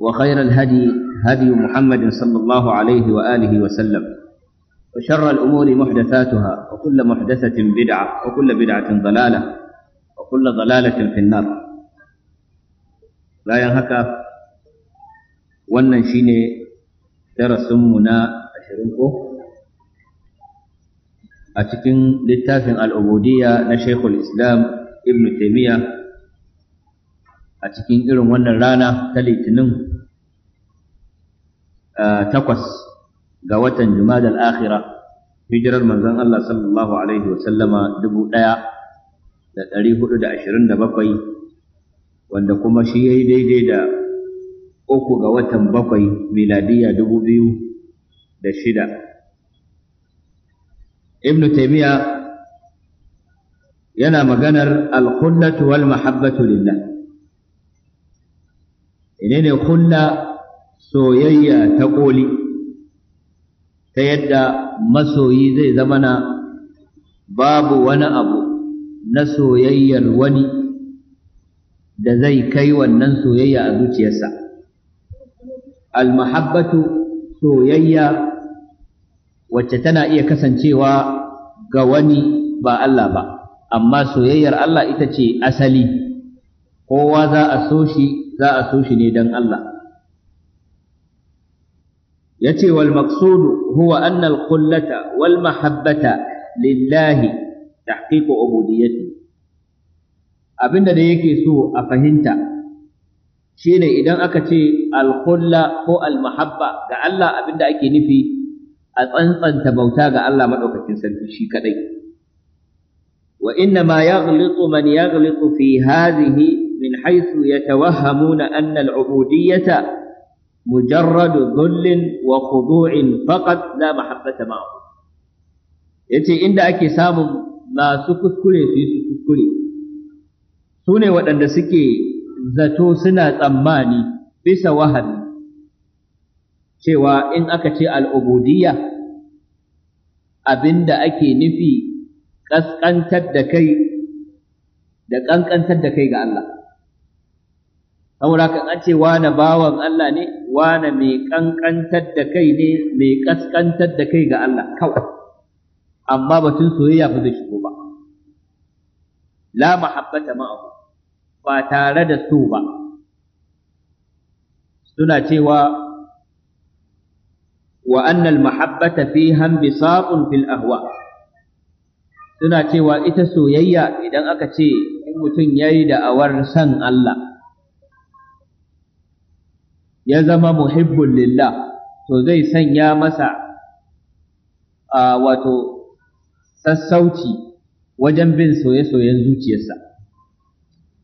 وخير الهدي هدي محمد صلى الله عليه وآله وسلم وشر الأمور محدثاتها وكل محدثة بدعة وكل بدعة ضلالة وكل ضلالة في النار لا ينهك وننشين ترسمنا أشرنكو أتكن للتافع العبودية نشيخ الإسلام ابن تيمية أتكن إرم ونرانا تلي تنم Eh, takwas ga watan Jumadal Akhira hijirar manzon Allah sallallahu alaihi wa sallama dubu ɗaya da ɗari hudu da ashirin da bakwai wanda kuma shi ya yi daidai da uku ga watan bakwai miladiya dubu biyu da shida ibnu taimiyya yana maganar alkhullatu wal mahabbatu lillah ne khulla soyayya ta ƙoli ta yadda masoyi zai zama na babu wani abu na soyayyar wani da zai kai wannan soyayya a zuciyarsa almahabbatu soyayya wacce tana iya kasancewa ga wani ba Allah ba amma soyayyar Allah ita ce asali kowa za a so shi za a so shi ne don Allah yace wal maqsud huwa annal al qullata wal mahabbata lillahi tahqiqu abinda da yake so a fahimta shine idan aka ce al qulla ko al mahabba Allah abinda ake nufi a tsantsanta bauta ga Allah madaukakin sarki shi kadai wa inna ma yaghlitu man yaghlitu fi hadhihi min haythu yatawahhamuna anna annal ubudiyyata مجرد ذل وخضوع فقط لا محبة معه yace inda ake samun masu kuskure su yi su kuskure su ne waɗanda suke zato suna tsammani bisa wahami cewa in aka ce al'ubudiyya abinda ake nufi ƙasƙantar da kai da ƙanƙantar da kai ga Allah saboda kan an ce wane bawan Allah ne wane mai kankantar da kai ne mai kaskantar da kai ga Allah kawai amma batun soyayya ba zai shigo ba la mahabbata ma'ahu ba tare da so ba suna cewa wa annal mahabbata fi hanbisaqun fil ahwa suna cewa ita soyayya idan aka ce in mutum yayi da awar san Allah ya zama muhibbun lillah to zai sanya masa a wato sassauci wajen bin soye-soyen zuciyarsa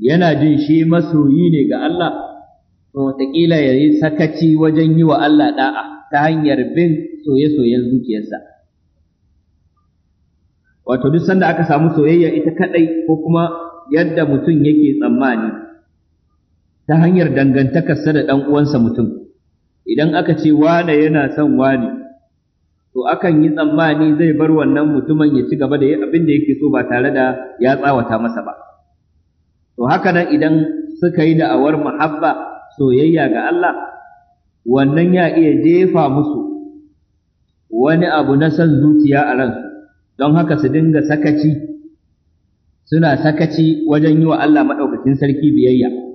yana jin shi masoyi ne ga Allah to watakila ya yi sakaci wajen yi wa Allah da'a ta hanyar bin soye-soyen zuciyarsa wato duk sanda aka samu soyayya ita kadai ko kuma yadda mutum yake tsammani ta hanyar dangantakarsa da ɗan uwansa mutum idan aka ce wane yana son wane to akan yi tsammani zai bar wannan mutumin ya ci gaba da abin da yake so ba tare da ya tsawata masa ba to haka nan idan suka yi da awar muhabba soyayya ga Allah wannan ya iya jefa musu wani abu na son zuciya a ransu don haka su dinga sakaci suna sakaci wajen yi wa Allah maɗaukacin sarki biyayya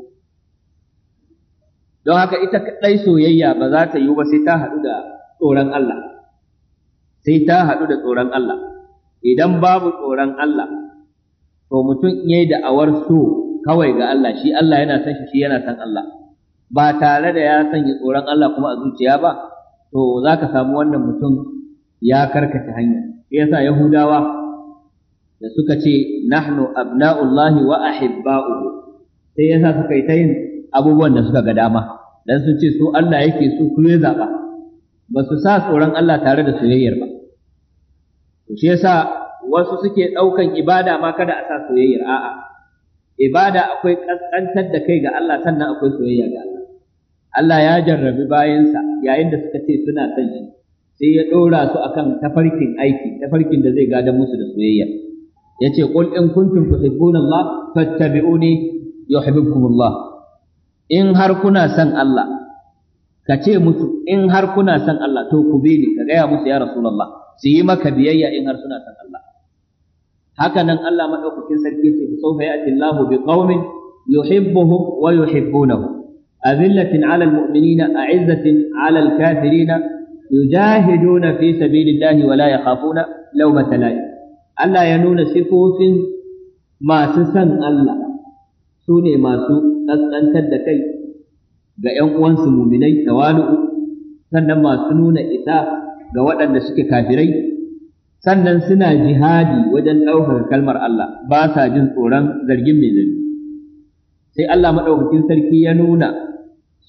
don haka ita kaɗai soyayya ba za ta yiwu ba sai ta haɗu da tsoron Allah sai ta haɗu da tsoron Allah idan babu tsoron Allah to mutum ya da awar so kawai ga Allah shi Allah yana son shi shi yana son Allah ba tare da ya sanya tsoron Allah kuma a zuciya ba to za ka samu wannan mutum ya karkace hanya yasa yahudawa da suka ce nahnu abna'ullahi wa ahibba'uhu sai yasa suka yi ta yin abubuwan da suka ga dama dan sun ce su Allah yake su ku ya zaba ba su sa tsoron Allah tare da soyayyar ba to shi yasa wasu suke ɗaukan ibada ma kada a sa soyayyar a'a ibada akwai kaskantar da kai ga Allah sannan akwai soyayya ga Allah Allah ya jarrabi bayansa yayin da suka ce suna son shi sai ya ɗora su akan tafarkin aiki tafarkin da zai gada musu da soyayya yace qul in kuntum tuhibbuna Allah fattabi'uni yuhibbukum Allah in har kuna son Allah ka ce musu in har kuna son Allah to ku bi ni ka gaya musu ya rasulullah su yi maka biyayya in har suna son Allah haka nan Allah madaukakin sarki ce sawfa ya'ti Allahu bi qaumin yuhibbuhum wa yuhibbunahu أذلة على المؤمنين أعزة على الكافرين يجاهدون في سبيل الله ولا يخافون لومة لائم Allah ya nuna sifofin masu son Allah sune masu. ƙasƙantar da kai ga ‘yan uwansu muminai tawalu'u sannan masu nuna isa ga waɗanda suke kafirai sannan suna jihadi wajen ɗaukar kalmar Allah ba sa jin tsoron zargin mai zargi sai Allah maɗaukakin sarki ya nuna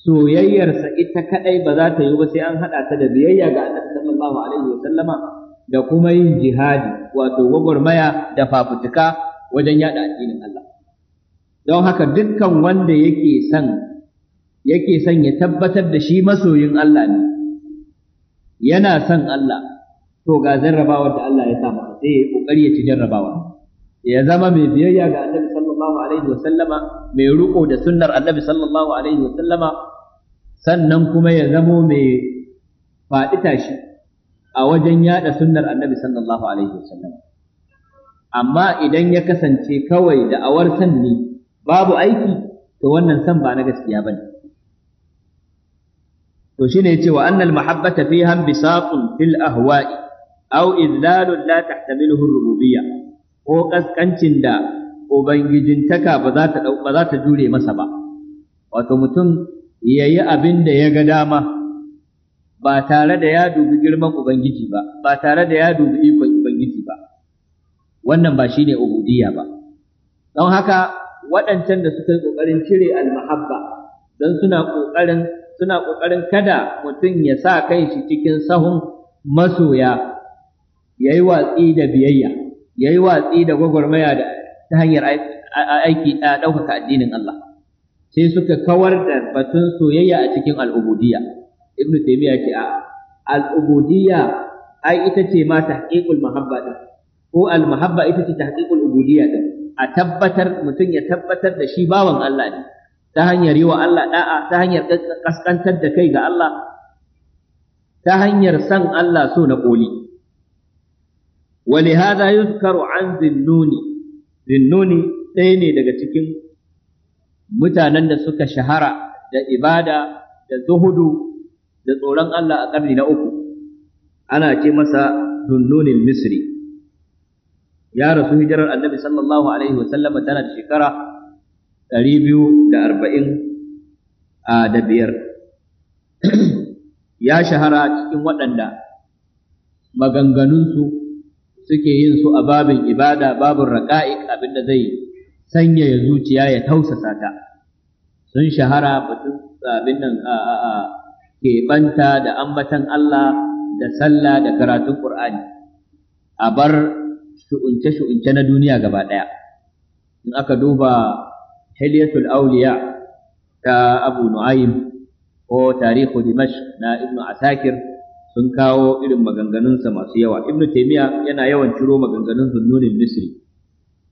soyayyarsa ita kaɗai ba za ta yi ba sai an haɗa ta da biyayya ga sallallahu alaihi wa sallama da kuma yin jihadi wato gwagwarmaya da fafutuka wajen yaɗa addinin Allah don haka dukkan wanda yake son yake son ya tabbatar da shi masoyin Allah ne yana son Allah to ga jarrabawa da Allah ya samu sai ya kokari ya ci jarrabawa ya zama mai biyayya ga Annabi sallallahu alaihi wa sallama mai riko da sunnar Annabi sallallahu alaihi wa sallama sannan kuma ya zamo mai faɗi tashi a wajen yada sunnar Annabi sallallahu alaihi wa sallama amma idan ya kasance kawai da awar ne babu aiki to wannan san ba na gaskiya ba ne. to shine yace wa annal mahabbata fiha bisaqun fil ahwa'i aw idlalun la tahtamiluhu rububiyya ko kaskancin da ubangijintaka ba za ta ba za ta jure masa ba wato mutum yayi abin da ya ga dama ba tare da ya dubi girman ubangiji ba ba tare da ya dubi ikon ubangiji ba wannan ba shine ubudiyya ba don haka waɗancan da suka yi ƙoƙarin cire almahabba don suna ƙoƙarin suna ƙoƙarin kada mutum ya sa shi cikin sahun masoya ya yi watsi da biyayya ya yi watsi da gwagwarmaya da ta hanyar aiki a ɗaukaka addinin Allah sai suka kawar da batun soyayya a cikin al'ubudiyya ibnu taymiya ce a al'ubudiyya ai ita ce ma tahqiqul mahabba din ko al mahabba ita ce tahqiqul ubudiyya din a tabbatar mutum ya tabbatar da shi bawan Allah ne ta hanyar yi wa Allah da'a ta hanyar kaskantar da kai ga Allah ta hanyar san Allah so na koli hada يذكر عن zinnuni? Zinnuni ɗaya ne daga cikin mutanen da suka shahara da ibada da zuhudu da tsoron Allah a ƙarni na uku ana ce masa dunnunin misri ya rasu hijirar annabi sallallahu alaihi wa sallama tana da shekara ɗari biyu da arba'in ya shahara cikin waɗanda maganganunsu suke yin su a babin ibada babin raƙa'iƙ abinda zai sanyaya zuciya ya tausasa ta sun shahara batun abin nan a keɓanta da ambatan Allah da sallah da karatun Ƙur'ani a bar shu'unce-shu'unce na duniya gaba ɗaya in aka duba hilyatul auliya ta abu Nu'ayim ko tarihu dimash na ibnu asakir sun kawo irin maganganunsa masu yawa ibnu Taimiyya yana yawan ciro maganganun zunnunin misri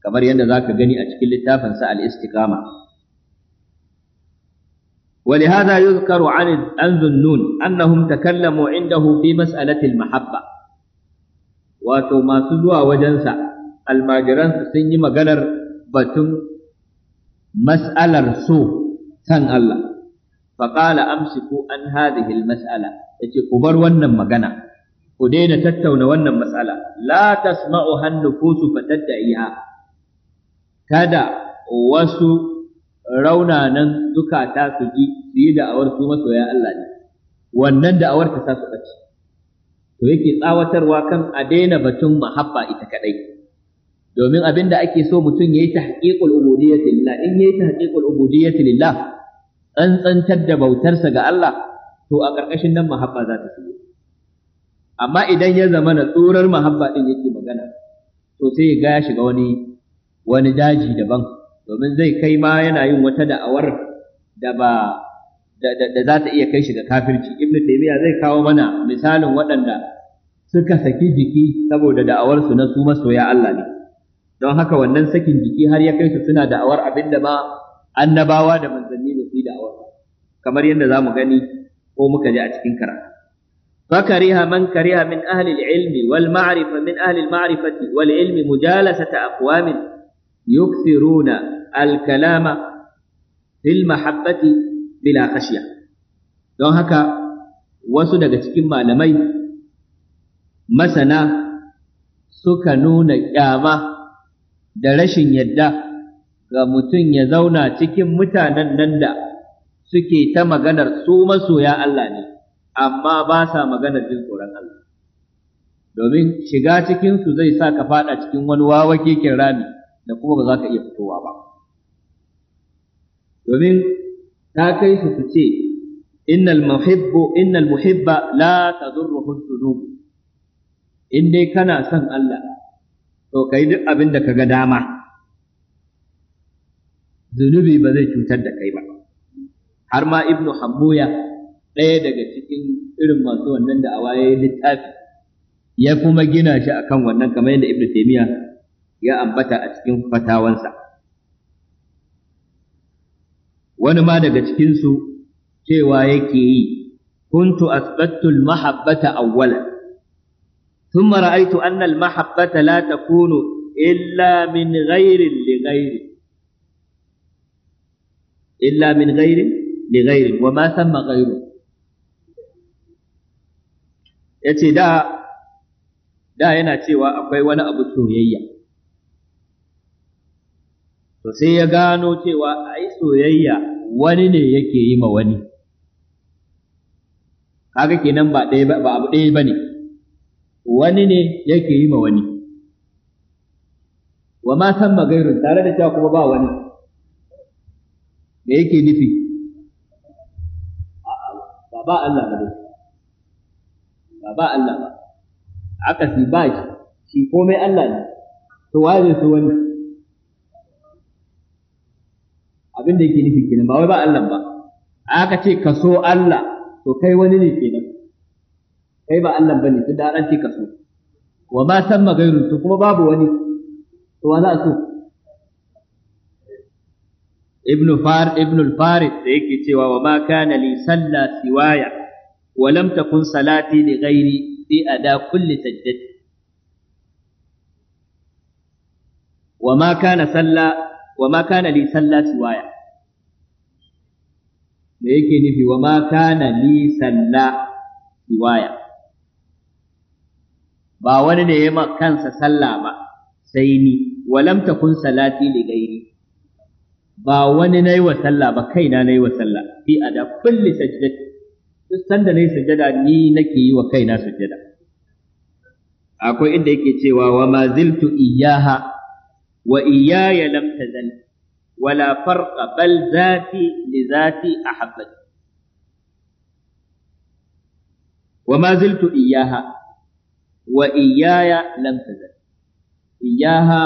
kamar yadda za ka gani a cikin littafinsa al-istiqama ولهذا يذكر عن عن ذنون أنهم تكلموا عنده في مسألة المحبة wato masu zuwa wajensa almajiransa sun yi maganar batun mas'alar so san Allah faƙala amsiku an hadhihi Ya ce ku bar wannan magana ku daina tattauna wannan mas'ala. la tasma'u da fatadda'iha kada wasu raunanan zukata su ji su yi da'awar su masoya Allah ne wannan da'awar ta sa su ɓace to yake tsawatarwa kan a daina batun mahabba ita kadai domin abin da ake so mutum yayi tahqiqul ubudiyyati lillah in yayi tahqiqul ubudiyyati lillah an tsantar da bautarsa ga Allah to a ƙarƙashin nan mahabba za ta shigo amma idan ya zama na tsurar mahabba din yake magana to sai ya ga shiga wani wani daji daban domin zai kai ma yana yin wata da'awar da ba da za ta iya kai shi ga kafirci ibn taymiya zai kawo mana misalin waɗanda suka saki jiki saboda da'awarsu na su masoya Allah ne don haka wannan sakin jiki har ya kai su suna da'awar abinda da ma annabawa da manzanni ba su yi da'awar kamar yadda za mu gani ko muka ji a cikin karatu فكره من كره من أهل العلم والمعرفة من أهل المعرفة والعلم مجالسة أقوام يكثرون الكلام في المحبة bila khashiya don haka wasu daga cikin malamai masana suka nuna kyama da rashin yadda ga mutum ya zauna cikin mutanen nan da suke ta maganar su masoya Allah ne amma ba sa maganar jin tsoron Allah domin shiga cikinsu zai sa ka fada cikin wani wawa keken rami da kuma ba za ka iya fitowa ba domin ta kai su su ce innal muhibbu innal muhibba la tadurruhu dhunub in dai kana son Allah to kai duk abin da kaga dama zunubi ba zai cutar da kai ba har ma ibnu Habuya, ɗaya daga cikin irin masu wannan da awaye littafi ya kuma gina shi akan wannan kamar yadda ibnu taymiya ya ambata a cikin fatawansa wani ma daga cikinsu cewa yake yi kuntu asbattul mahabbata awwala thumma ra'aytu anna al mahabbata la takunu illa min ghairin li ghairi illa min ghairin li ghairin wa ma thamma ghairu yace da da yana cewa akwai wani abu soyayya to sai ya gano cewa a soyayya wani ne yake yi ma wani kaga kenan ba ɗaya ba abu bane wani ne yake yi ma wani wa ma san magairun tare da cewa kuma ba wani me yake nufi ba ba Allah ba ba ba Allah ba akasi ba shi shi komai Allah ne to waje su wani abin da yake nufi kenan ba wai ba Allah ba aka ce ka so Allah to kai wani ne kenan kai ba Allah bane tunda an ce ka so wa ma samma gairu to kuma babu wani to wa za a so ibnu far da yake cewa wa ma kana li salla siwaya wa lam takun salati li ghairi وما كان صلى wa ma kana li sallati waya me yake nufi wa ma kana li salla waya ba wani ne ya ma kansa sallah ba sai ni walam takun salati li gairi ba wani na yi wa sallah ba kaina na yi wa sallah fi a da kulli sajjati duk sanda na yi sujjada ni nake yi wa kaina sujjada akwai inda yake cewa wa ma ziltu iyaha wa iyaya lam tazal wala farqa bal zati li zati ahabbati wa ma ziltu iyaha wa iyaya lam tazal iyaha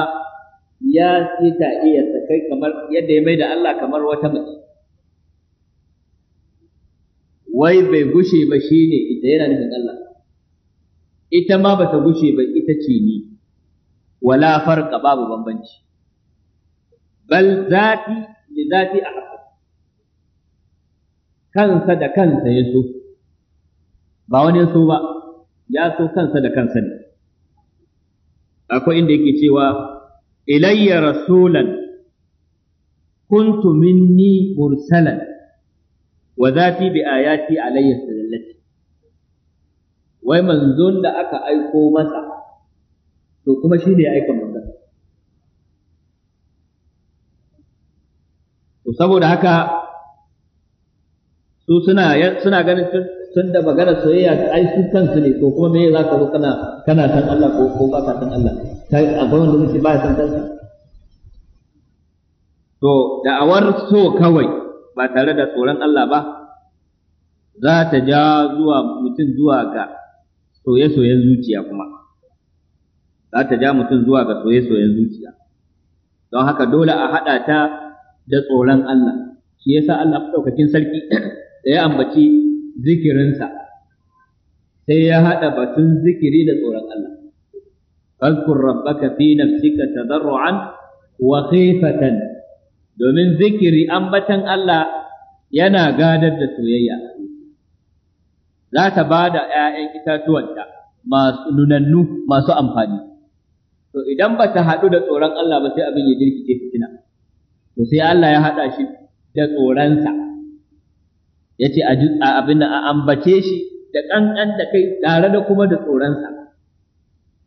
ya ce iya sakai kamar yadda ya mai da Allah kamar wata mace wai bai bushe ba ita yana nufin Allah ita ma bata bushe ba ita ce ni wala farqa babu bambanci bal zati li zati a kansa da kansa ya so ba wani ya so ba ya so kansa da kansa ne akwai inda yake cewa ilayya rasulan kuntu minni mursalan wa zafi bi ayati alayya sallati wai manzon da aka aiko masa to kuma shi ne ya aika manzon to saboda haka su suna suna ganin tun da magana soyayya ai su kansu ne to kuma me za ka zo kana kana san Allah ko ko ba ka san Allah kai akwai wanda muke ba san kansa to da'awar so kawai ba tare da tsoron Allah ba za ta ja zuwa mutum zuwa ga soye-soyen zuciya kuma za ta ja mutum zuwa ga soye-soyen zuciya don haka dole a haɗa ta da tsoron Allah shi yasa Allah ɗaukakin sarki da ya ambaci zikirinsa sai ya haɗa batun zikiri da tsoron Allah fazkur rabbaka fi nafsika tadarruan wa khifatan domin zikiri ambatan Allah yana gadar da soyayya za ta ba da ‘ya'yan itatuwanta masu nunannu masu amfani to idan ba ta haɗu da tsoron Allah ba sai abin ya jirkice fitina to sai Allah ya haɗa shi da tsoronsa ya ce abin a ambace shi da ƙanƙan da kai tare da kuma da tsoronsa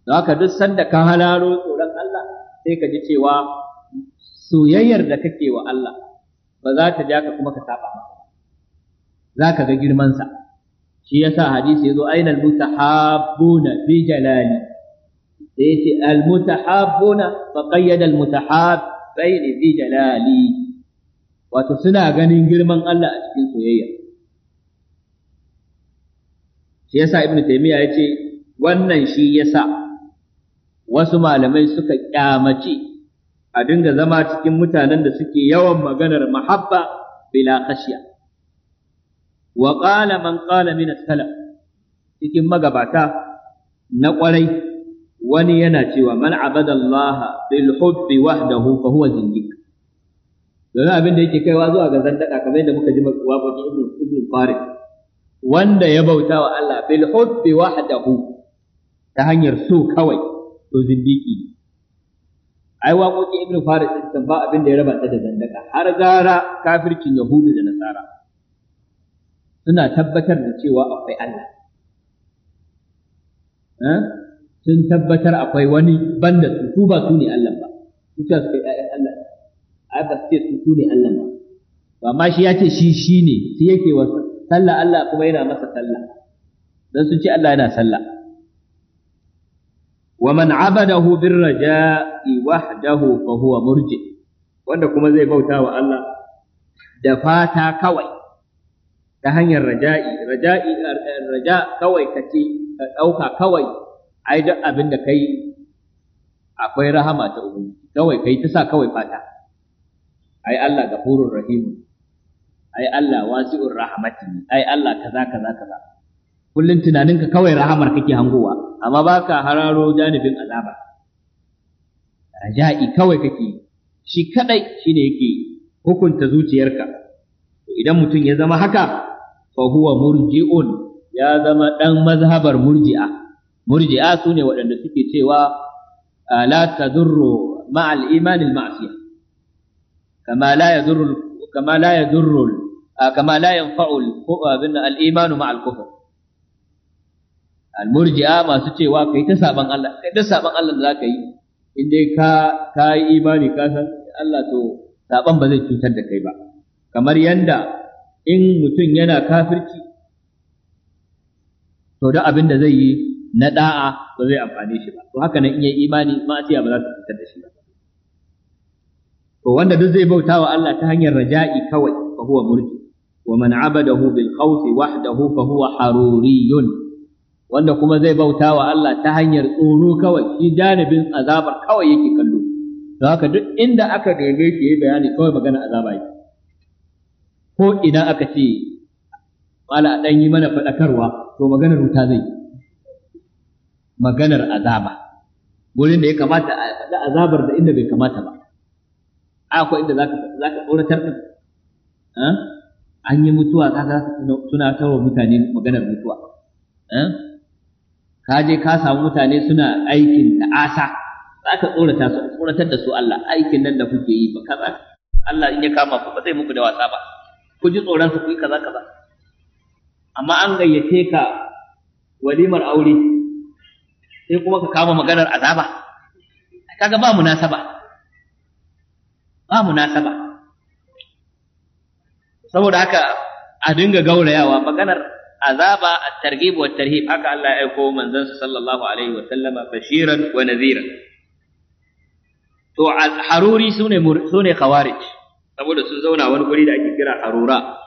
don haka duk sanda ka halaro tsoron Allah sai ka ji cewa soyayyar da kake wa Allah ba za ta ja ka kuma ka saba ba za ka ga girmansa shi yasa hadisi ya zo ainal mutahabbuna bi jalali sai yace almutahabbuna fa qayyada almutahabbain fi jalali wato suna ganin girman Allah a cikin soyayya shi yasa ibnu taymiya yace wannan shi yasa wasu malamai suka kyamace a dinga zama cikin mutanen da suke yawan maganar mahabba bila khashiya wa qala man qala min as-salaf cikin magabata na kwarai wani yana cewa man Allah bil hubbi wahdahu fa huwa zindiq don abin da yake kaiwa zuwa ga zandaka kamar yadda muka ji waƙoƙin ibn ibn Farid wanda ya bauta wa Allah bil hubbi wahdahu ta hanyar so kawai to zindiki ai waƙoƙin ibn Farid din ba abin da ya raba ta da zandaka har gara kafircin yahudu da nasara suna tabbatar da cewa akwai Allah eh? sun tabbatar akwai wani banda su su ba su ne Allah ba su ce su ƴaƴan Allah a ba ce su su ne Allah ba ba shi ya ce shi shi ne shi yake wa sallah Allah kuma yana masa sallah dan sun ce Allah yana sallah wa man abadahu raja'i wahdahu fa huwa murji wanda kuma zai bauta wa Allah da fata kawai ta hanyar raja'i raja'i raja kawai kace ka dauka kawai ai duk abin da kai akwai rahama ta ubu kawai kai ta sa kawai fata ai Allah gafurur rahim ai Allah wasi'ur rahmati ai Allah kaza kaza kaza kullun tunaninka kawai rahamar kake hangowa amma baka hararo janibin azaba raja'i kawai kake shi kadai shine yake hukunta zuciyarka to idan mutum ya zama haka fa huwa murji'un ya zama dan mazhabar murji'a murji'a su ne waɗanda suke cewa la tadurru ma'al iman al ma'siyah kama la yadurru kama la yadurru kama la yanfa'u al iman ma'al kufr al murji'a masu cewa kai ta saban Allah kai ta saban Allah da zaka yi in dai ka ka yi imani ka san Allah to saban ba zai cutar da kai ba kamar yanda in mutum yana kafirci to da abin da zai yi na da'a ba zai amfane shi ba to haka nan in yi imani ma'asiya ba za ta fitar da shi ba to wanda duk zai bauta wa Allah ta hanyar raja'i kawai fa huwa murji wa man abadahu bil khawfi wahdahu fa huwa haruriyun wanda kuma zai bauta wa Allah ta hanyar tsoro kawai shi janibin azabar kawai yake kallo To haka duk inda aka neme shi yayi bayani kawai magana azaba yake ko idan aka ce mala dan yi mana fadakarwa to maganar ruta zai yi maganar azaba wurin da ya kamata a faɗi azabar da inda bai kamata ba akwai inda za ka tsoratar da eh? an yi mutuwa kaga suna tarwa mutane maganar mutuwa eh? ka je ka samu mutane suna aikin ta'asa za ka tsorata su tsoratar da su Allah aikin nan da kuke yi ba kaza Allah in ya kama ku ba zai muku da wasa ba ku ji tsoron su ku yi kaza kaza amma an gayyace ka walimar aure sai kuma ka kama maganar azaba kaga ba munasaba ba munasaba saboda haka a dinga gaurayawa maganar azaba at-targhib wa tarhib haka Allah ya aiko manzon sa sallallahu alaihi wa sallama bashiran wa nadhira to haruri sune sune khawarij saboda sun zauna wani guri da ake kira harura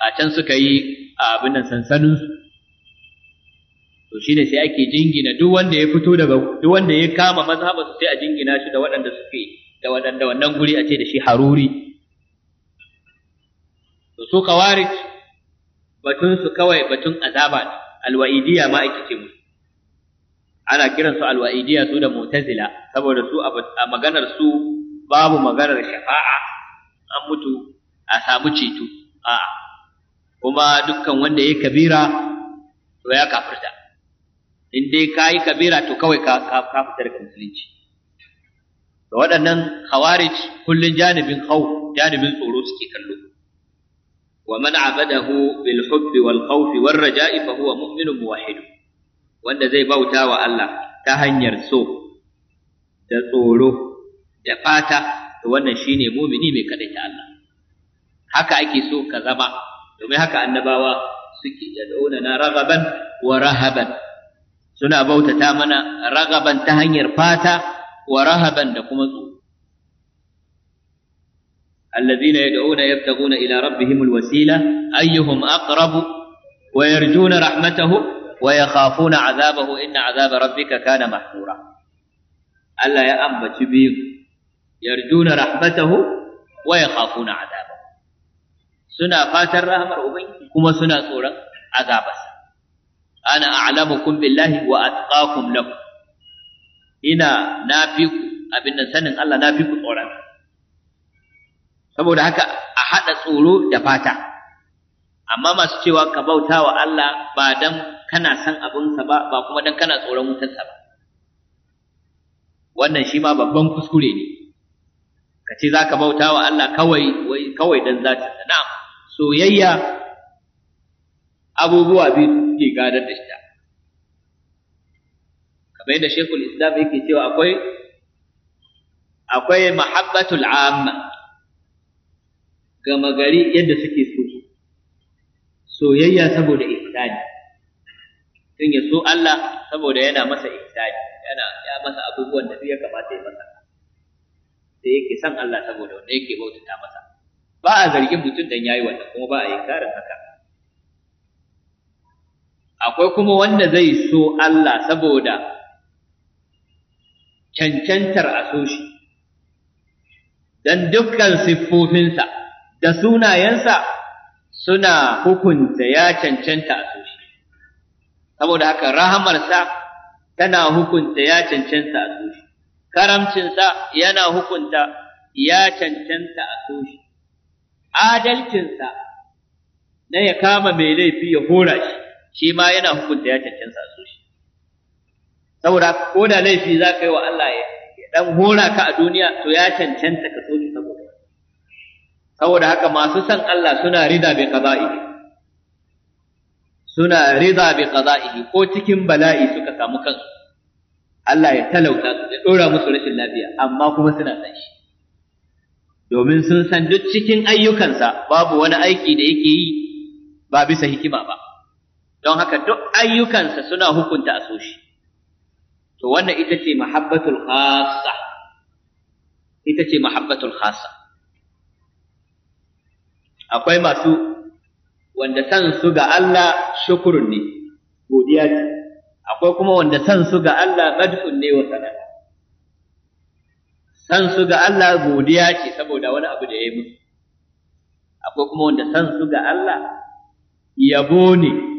a can suka yi abin nan sansaninsu to shine sai ake jingina duk wanda ya fito daga duk wanda ya kama sai a jingina shi da waɗanda suke da waɗanda wannan guri a ce da shi haruri to su kawarij batun su kawai batun azaba ne alwa'idiyya ma ake ce musu ana kiran su alwa'idiyya su da mu'tazila saboda su a maganar su babu maganar shafa'a an mutu a samu ceto a'a kuma dukkan wanda ya kabira to ya kafirta in dai ka yi kabira to kawai ka fitar daga musulunci da waɗannan khawarij kullun janibin hau janibin tsoro suke kallo wa man abadahu bil hubbi wal khawfi war raja'i fa huwa mu'minun muwahhid wanda zai bauta wa Allah ta hanyar so da tsoro da fata to wannan shine mu'mini mai kadai ta Allah haka ake so ka zama domin haka annabawa suke yad'una na ragaban wa rahaban suna bautata mana ragaban ta hanyar fata wa rahaban da kuma tsoro الذين يدعون يبتغون إلى ربهم الوسيلة أيهم أقرب ويرجون رحمته ويخافون عذابه إن عذاب ربك كان محذورا ألا يا أم بتبيض يرجون رحمته ويخافون عذابه سنة فاتر رحمة أبين كما سنة سورة عذابه ana a'lamukum billahi wa atqakum lahu ina nafi ku abin da sanin Allah nafi ku tsoron saboda haka a hada tsoro da fata amma masu cewa ka bauta wa Allah ba dan kana san sa ba ba kuma dan kana tsoron wutarsa ba wannan shi ma babban kuskure ne ka ce bauta wa Allah kawai kawai dan zatinsa na'am soyayya abubuwa biyu suke gadar da shi kamar yadda shekul islam yake cewa akwai akwai mahabbatul amma gama gari yadda suke so soyayya saboda ihsani tun ya so Allah saboda yana masa ihsani yana ya masa abubuwan da ya kamata ya masa sai yake san Allah saboda wanda yake bautata masa ba a zargin mutum dan yayi wannan kuma ba a yi karin haka akwai kuma wanda zai so Allah saboda cancantar a so shi don dukkan siffofinsa da sunayensa suna hukunta ya cancanta a so shi saboda haka rahamarsa tana hukunta ya cancanta a so shi karamcinsa yana hukunta ya cancanta a so shi adalcinsa na ya kama mai laifi ya hora shi shi ma yana hukunta ya cancanta su shi saboda ko da laifi za ka yi wa Allah ya dan hora ka a duniya to ya cancanta ka so saboda saboda haka masu san Allah suna rida bi qada'i suna rida bi qada'i ko cikin bala'i suka samu kansu Allah ya talauta su ya dora musu rashin lafiya amma kuma suna san shi domin sun san duk cikin ayyukansa babu wani aiki da yake yi ba bisa hikima ba don haka duk ayyukansa suna hukunta a soshi to wannan ita ce mahabbatul khassa ita ce mahabbatul khassa akwai masu wanda san su ga Allah shukurun ne godiya ce akwai kuma wanda san su ga Allah madhun ne wa sanada san su ga Allah godiya ce saboda wani abu da ya yi musu akwai kuma wanda san su ga Allah yabo ne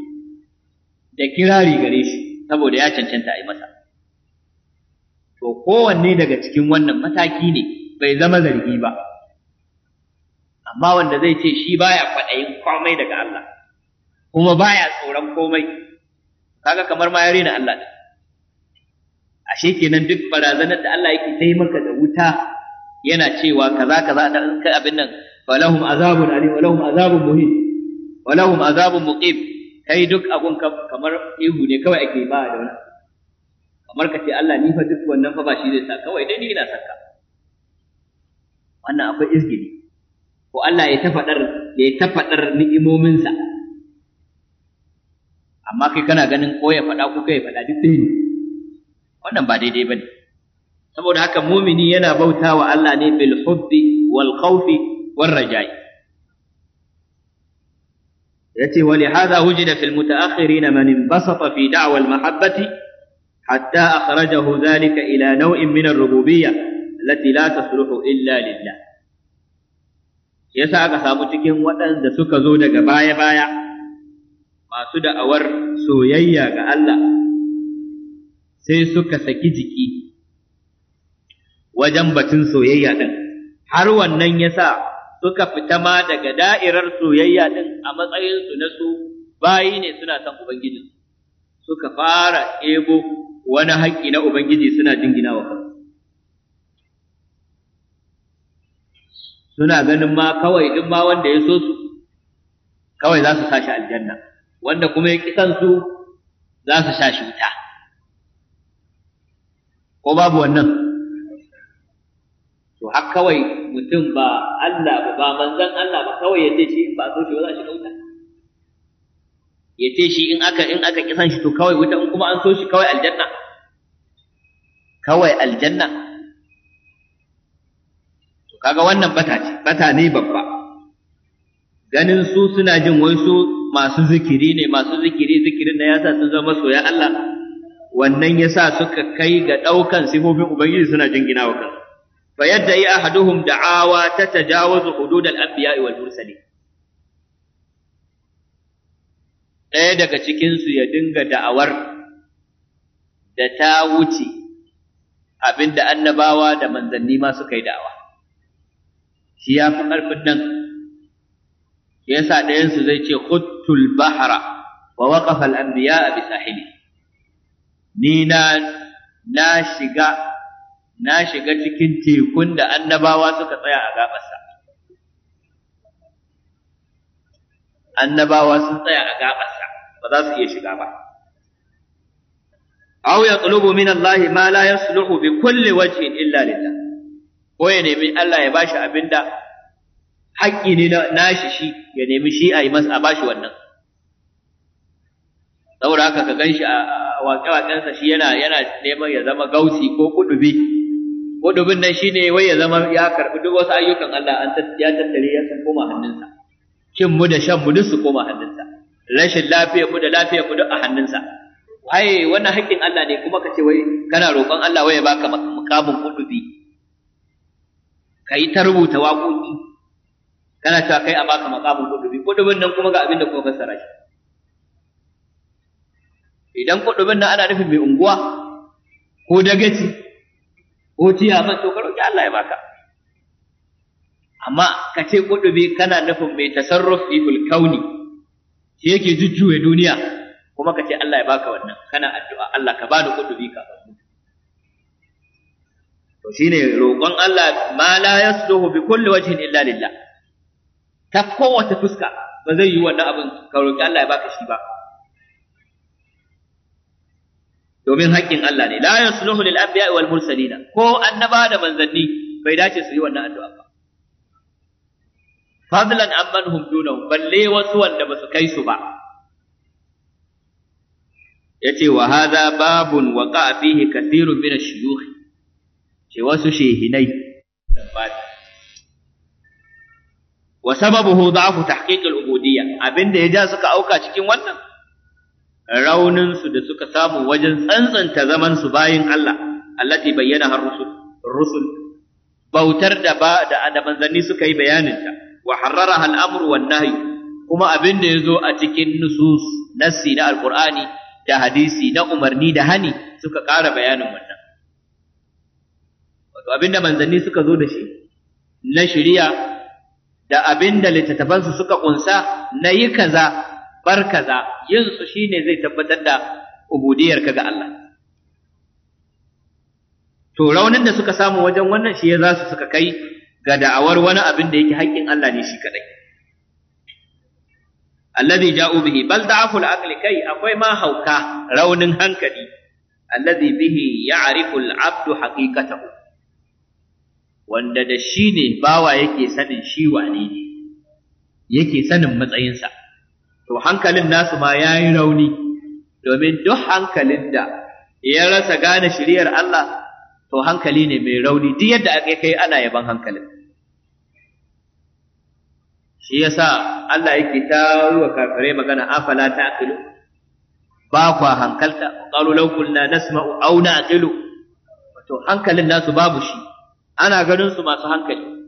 da kirari gare shi saboda ya cancanta a yi masa to kowanne daga cikin wannan mataki ne bai zama zargi ba amma wanda zai ce shi baya kwaɗayin komai daga Allah kuma baya tsoron komai kaga kamar ma ya rena Allah ashe kenan duk barazanar da Allah yake taimaka da wuta yana cewa kaza kaza da abin nan walahum azabun alim walahum azabun muhim, walahum azabun muqim kai duk abun kamar ihu ne kawai ake ba da wani kamar ka ce Allah ni fa duk wannan fa ba shi zai sa kawai dai ni ina saka wannan akwai izgili ko Allah ya tafadar ya tafadar ni'imominsa amma kai kana ganin ko ya faɗa ko kai faɗa duk dai ne wannan ba daidai bane saboda haka mumini yana bautawa Allah ne bil hubbi wal khawfi war raja'i Ya yace wa lihadha da fil mutaakhirin man inbasata fi da'wa al mahabbati hatta akhrajahu dhalika ila naw'in min ar rububiyyah allati la tasluhu illa lillah yasa aka samu cikin waɗanda suka zo daga baya baya masu da'awar soyayya ga Allah sai suka saki jiki wajen batun soyayya din har wannan yasa suka fita ma daga da'irar soyayya din a matsayinsu na su bayi ne suna son Ubangiji suka fara ebo wani haƙƙi na Ubangiji suna jingina wa suna ganin ma kawai in ma wanda ya so su kawai za su sashi aljanna wanda kuma ya ƙi su za su sha shi wuta ko babu wannan to har kawai mutum ba Allah ba ba manzon Allah ba kawai ya ce shi in ba so shi ba za shi kauta ya ce shi in aka in aka kisan shi to kawai wuta in kuma an so shi kawai aljanna kawai aljanna to kaga wannan bata ce bata ne babba ganin su suna jin wai su masu zikiri ne masu zikiri zikirin da ya sa sun zama soya Allah wannan ya sa suka kai ga ɗaukan sifofin Ubangiji suna jingina wa kansu fa yadda yi ahaduhum da'awa ta tajawazu hududal wal mursalin ɗaya daga cikinsu ya dinga da'awar da ta wuce abinda annabawa da manzanni ma suka yi da'awa shi ya fi ƙarfin nan shi yasa ɗayansu zai ce khuttul bahra wa waqafa al-anbiya bi sahili ni na shiga na shiga cikin tekun da annabawa suka tsaya a gabarsa annabawa sun tsaya a gabarsa ba za su iya shiga ba aw yatlubu min Allahi ma la yasluhu bi kulli wajhin illa lillah ko ya nemi Allah ya bashi abinda haƙƙi ne na shi ya nemi shi a yi masa a bashi wannan saboda haka ka ganshi a waƙe-waƙensa shi yana yana neman ya zama gausi ko kudubi hudubin nan ne wai ya zama ya karbi duk wasu ayyukan Allah an ya tattare ya san koma hannunsa kin mu da shan mu duk su koma hannunsa rashin lafiya mu da lafiya mu duk a hannunsa ai wannan haƙƙin Allah ne kuma ka ce wai kana roƙon Allah wai ya baka mukamin hudubi kai ta rubuta waƙoƙi kana cewa kai a baka mukamin hudubi hudubin nan kuma ga abin da kuma fassara shi idan hudubin nan ana nufin mai unguwa ko dagaci ko tiya ban to ka roki Allah ya baka amma ka ce kudubi kana nufin mai tasarruf kul kauni shi yake jujjuwe duniya kuma ka ce Allah ya baka wannan kana addu'a Allah ka bani kudubi ka to shine roƙon Allah ma la yasluhu bi kulli wajhin illa lillah ta kowace fuska ba zai yi wannan abin ka roƙi Allah ya baka shi ba domin haƙƙin Allah ne la yasluhu lil anbiya wal mursalina ko annaba da manzanni bai dace su yi wannan addu'a ba fadlan amman hum dunahum balle wasu wanda basu kai su ba yace wa hadha babun waqa'a fihi kathirun min ash-shuyukh ce wasu shehinai wa sababuhu da'fu tahqiq al-ubudiyya abinda ya ja suka auka cikin wannan rauninsu da suka samu wajen tsantsanta zamansu bayin Allah allati bayyana har rusul bautar da ba da manzanni suka yi bayaninta wa harraraha al-amru wan kuma abin da ya zo a cikin nusus nassi na alqur'ani da hadisi na umarni da hani suka ƙara bayanin wannan wato abin da manzanni suka zo da shi na shirya da abin da littattafansu suka kunsa na yi kaza bar kaza yin su shine zai tabbatar da ubudiyar ka ga Allah to raunin da suka samu wajen wannan shi ya za su suka kai ga da'awar wani abin da yake haƙƙin Allah ne shi kadai allazi ja'u bihi bal da'afu al kai akwai ma hauka raunin hankali allazi bihi ya'rifu al-'abdu haqiqatahu wanda da shi ne bawa yake sanin shi wane ne yake sanin matsayinsa to hankalin nasu ma ya yi rauni domin duk hankalin da ya rasa gane shiriyar Allah to hankali ne mai rauni duk yadda aka kai ana yaban hankalin shi yasa Allah yake ta yi wa magana afala ta akilu ba kwa hankalta qalu law kunna nasma'u aw na'qilu to hankalin nasu babu shi ana ganin su masu hankali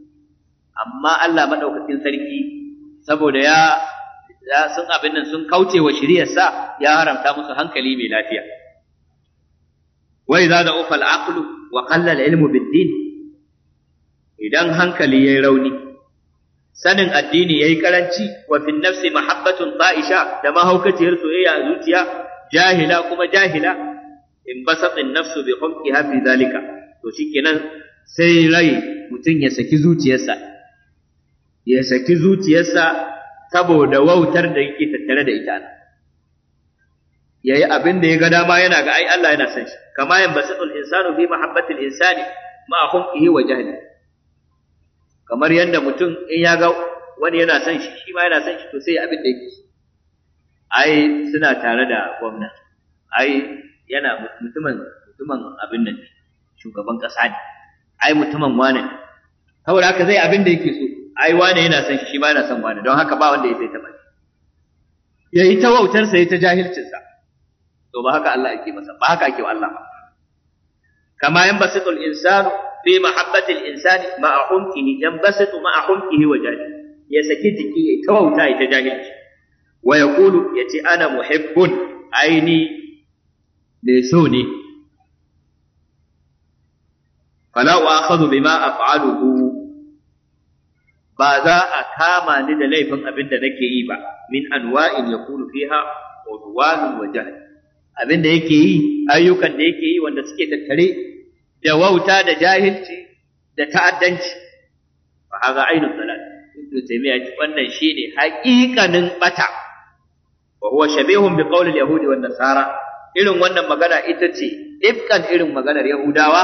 amma Allah madaukakin sarki saboda ya ya sun abin nan sun kauce wa shiriyarsa ya haramta musu hankali mai lafiya Wai za da ufal aqlu wa qalla ilmu bid din idan hankali yayi rauni sanin addini yayi karanci wa fi nafsi mahabbatun ta'isha da mahaukaciyar soyayya a zuciya jahila kuma jahila in basatin nafsu bi khumqiha fi zalika to shikenan sai rai mutum ya saki zuciyarsa ya saki zuciyarsa saboda wautar da yake tattare da ita yayi abin da ya ga dama yana ga ai Allah yana son shi kama yan basatul insanu fi mahabbatil insani ma humqihi wa jahli kamar yadda mutum in ya ga wani yana son shi shi ma yana son shi to sai abin da yake ai suna tare da gwamna ai yana mutumin mutumin abin nan shugaban kasa ne ai mutumin wane saboda haka zai abin da yake so ai wane yana son shi shi ma yana son wane don haka ba wanda ya sai taɓa ya yi ta wautarsa ya ta jahilcinsa to ba haka Allah ake masa ba haka ake wa Allah ba kama yan basitul insanu fi mahabbatil insani ma ahumkihi yan basitu ma ahumkihi wa jahil ya saki jiki ya ta wauta ya ta jahilci wa ya ce ana muhibbun aini ne so ne fala wa akhadhu bima af'aluhu ba za a kama ni da laifin abin da nake yi ba min anwa'in yakunu fiha udwanun wa jahl abin da yake yi ayyukan da yake yi wanda suke tattare da wauta da jahilci da ta'addanci fa haga ainu salat ibnu taymiya ce wannan shine haƙiƙanin bata wa huwa shabihun bi qawli al-yahudi wa nasara irin wannan magana ita ce ifkan irin maganar yahudawa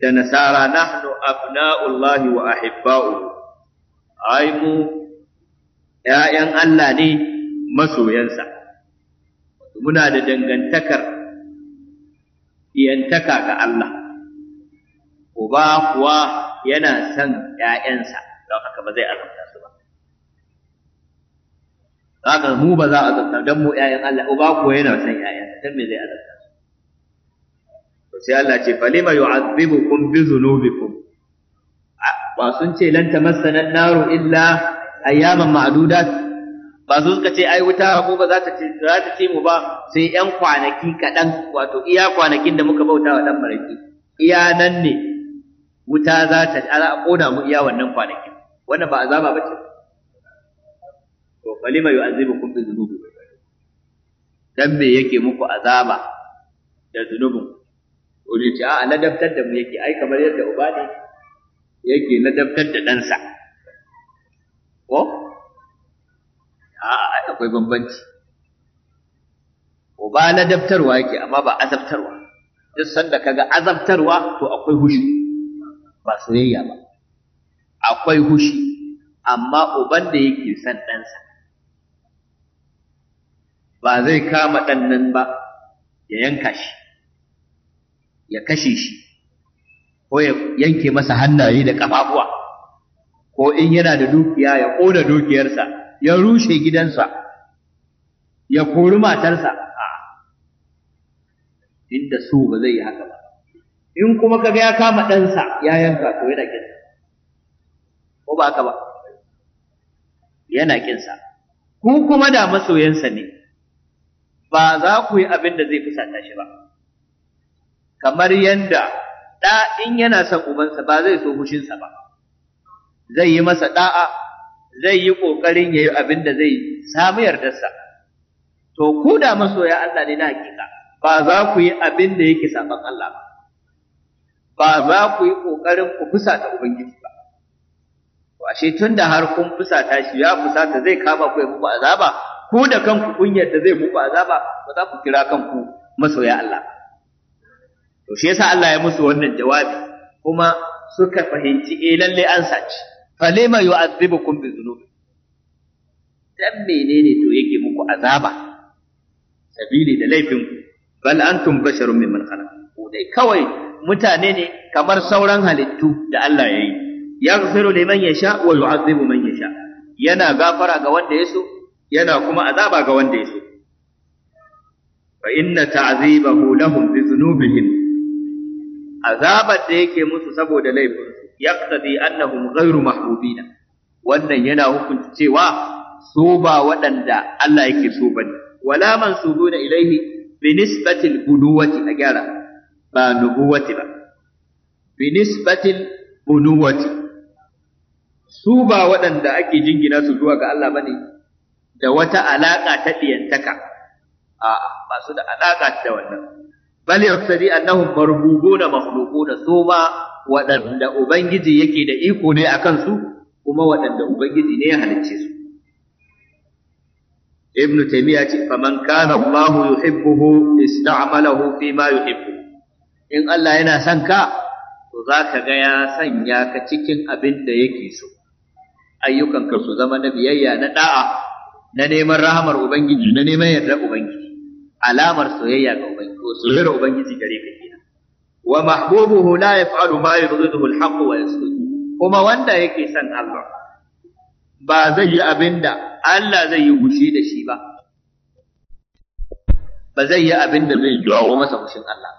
da nasara nahnu abna'ullahi wa ahibba'uhu ai mu ‘ya'yan Allah ne masoyansa, muna da dangantakar iyantaka ga Allah, uba kuwa yana son ‘ya'yansa, don haka ba zai azabta su ba. Haka mu ba za a azabta don mu ‘ya'yan Allah, uba kuwa yana son ‘ya'yansa, don me zai azabta su. Sai Allah ce, Falima kun bi zunubikum ba sun ce lan tamassana naru illa ayyaman ma'dudat ba su suka ce ai wuta ko ba za ta ce za ta ce mu ba sai yan kwanaki kaɗan wato iya kwanakin da muka bauta wa dan maraki iya nan ne wuta za ta za a kona mu iya wannan kwanakin wannan ba azaba ba ce to falima yu'azibukum bi dhunubi dan me yake muku azaba da zunubin ko ce a ladabtar da mu yake ai kamar yadda uba ne yake daftar da ɗansa ko a akwai bambanci uba daftarwa yake amma ba azabtarwa duk sanda kaga azabtarwa to akwai hushi ba soyayya ba akwai hushi amma uban da yake son ɗansa ba zai kama ɗan nan ba ya yanka shi ya kashe shi ko ya yanke masa hannaye da ƙafafuwa ko in yana da dukiya ya ƙona dukiyarsa ya rushe gidansa ya kori matarsa a inda su ba zai yi haka ba in kuma kaga ya kama ɗansa ya yanka to yana ƙinsa, ko ba haka ba yana ƙinsa. ku kuma da masoyansa ne ba za ku yi abin da zai fusata shi ba kamar yanda ɗa in yana son ubansa ba zai so fushinsa ba zai yi masa ɗa'a zai yi ƙoƙarin ya yi abin da zai samu yardarsa to ku da masoya Allah ne na hakika ba za ku yi abin da yake saban Allah ba ba za ku yi ƙoƙarin ku fusata Ubangiji ba to ashe tun da har kun fusata shi ya fusata zai kama ku ya muku azaba ku da kanku kun yarda zai muku azaba ba za ku kira kanku masoya Allah ba to shi yasa Allah ya musu wannan jawabi kuma suka fahimci eh lalle an saci falima yu'adhibukum bi dhunubi dan menene to yake muku azaba sabili da laifin ku bal antum basharun mimman khalaq Ko dai kawai mutane ne kamar sauran halittu da Allah ya yi yaghfiru liman yasha wa yu'adhibu man yasha yana gafara ga wanda ya so yana kuma azaba ga wanda ya so fa inna ta'zibahu lahum bi dhunubihim azabar da yake musu saboda laifin yaqtadi annahum ghairu mahbubina wannan yana hukunta cewa su ba waɗanda Allah yake so bane wala mansubuna ilaihi bi nisbati al-bunuwati a gyara ba nubuwati ba bi nisbati al-bunuwati su ba waɗanda ake jingina su zuwa ga Allah bane da wata alaka ta diyantaka a'a ba su da alaka ta wannan bal yaftari annahum da makhluquna da ma waɗanda ubangiji yake da iko ne a kansu, kuma waɗanda ubangiji ne ya halicce su ibn ya ce faman kana allah yuhibbuhu ista'malahu fi ma yuhibbu in allah yana son ka to zaka ga ya sanya ka cikin abin da yake so ayyukanka su zama na biyayya na da'a na neman rahamar ubangiji na neman yardar ubangiji alamar soyayya ga ubangiji ko soyayyar ubangiji gare ka kenan wa mahbubuhu la yaf'alu ma yuriduhu al-haqq wa yasdudu kuma wanda yake son Allah ba zai yi abinda Allah zai yi gushi da shi ba ba zai yi abinda zai jawo masa fushin Allah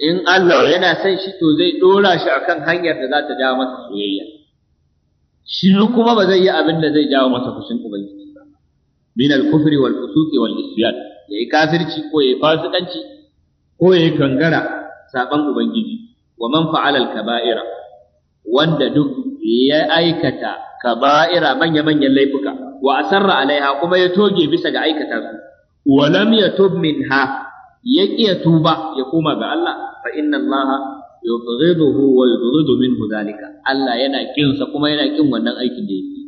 in Allah yana son shi to zai dora shi akan hanyar da za ta jawo masa soyayya shi kuma ba zai yi abinda zai jawo masa fushin ubangiji min al-kufri wal fusuqi wal isyan yayi kafirci ko yayi fasikanci ko yayi kangara saban ubangiji wa man fa'ala al-kaba'ira wanda duk ya aikata kaba'ira manya manyan laifuka wa asarra alaiha kuma ya toge bisa ga aikata su wa lam yatub minha ya kiya tuba ya koma ga Allah fa inna Allah yubghiduhu wa yubghidu minhu dalika Allah yana kinsa kuma yana kin wannan aikin da yake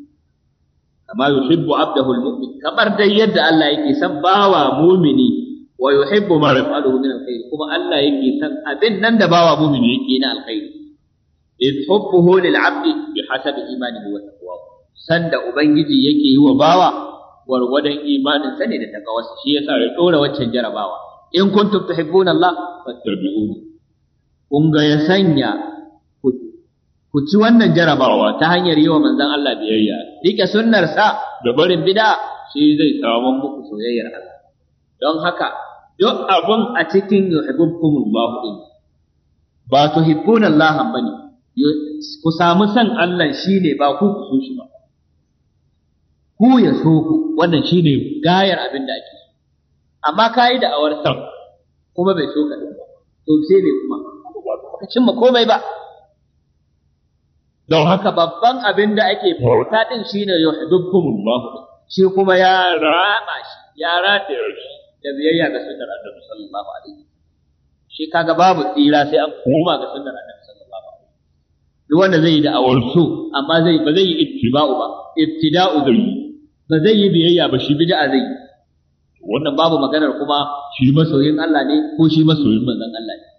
kama yuhibbu abdahu almu'min kamar dai yadda Allah yake san bawa mu'mini wa yuhibbu ma yaf'aluhu min alkhair kuma Allah yake san abin nan da bawa mu'mini yake na alkhairi iz hubbuhu lil 'abdi hasabi imanihi wa taqwahu san da ubangiji yake yi wa bawa gwargwadon imanin sa ne da takawarsa shi yasa ya dora waccan jarabawa in kuntum tuhibbuna Allah fattabi'uni kun ga ya sanya ku ci wannan jarabawa ta hanyar yi wa Manzan Allah biyayya rike sunnarsa da barin bid'a shi zai samu muku soyayyar Allah don haka duk abun a cikin yuhibbukumullahu din ba to hibbuna Allah bane ku samu san Allah shine ba ku so shi ba ku ya so ku wannan shine gayar abin da ake so amma ka yi da'awar san kuma bai so ka ba to sai ne kuma ba ka cimma komai ba don haka babban abin da ake bauta din shine yuhibbukumullah shi kuma ya raba shi ya rata shi da biyayya ga sunnar Annabi sallallahu alaihi shi kaga babu tsira sai an koma ga sunnar Annabi sallallahu alaihi duk wanda zai yi da awalsu amma zai ba zai yi ittiba'u ba ittida'u zai ba zai yi biyayya ba shi bid'a zai wannan babu maganar kuma shi masoyin Allah ne ko shi masoyin manzon Allah ne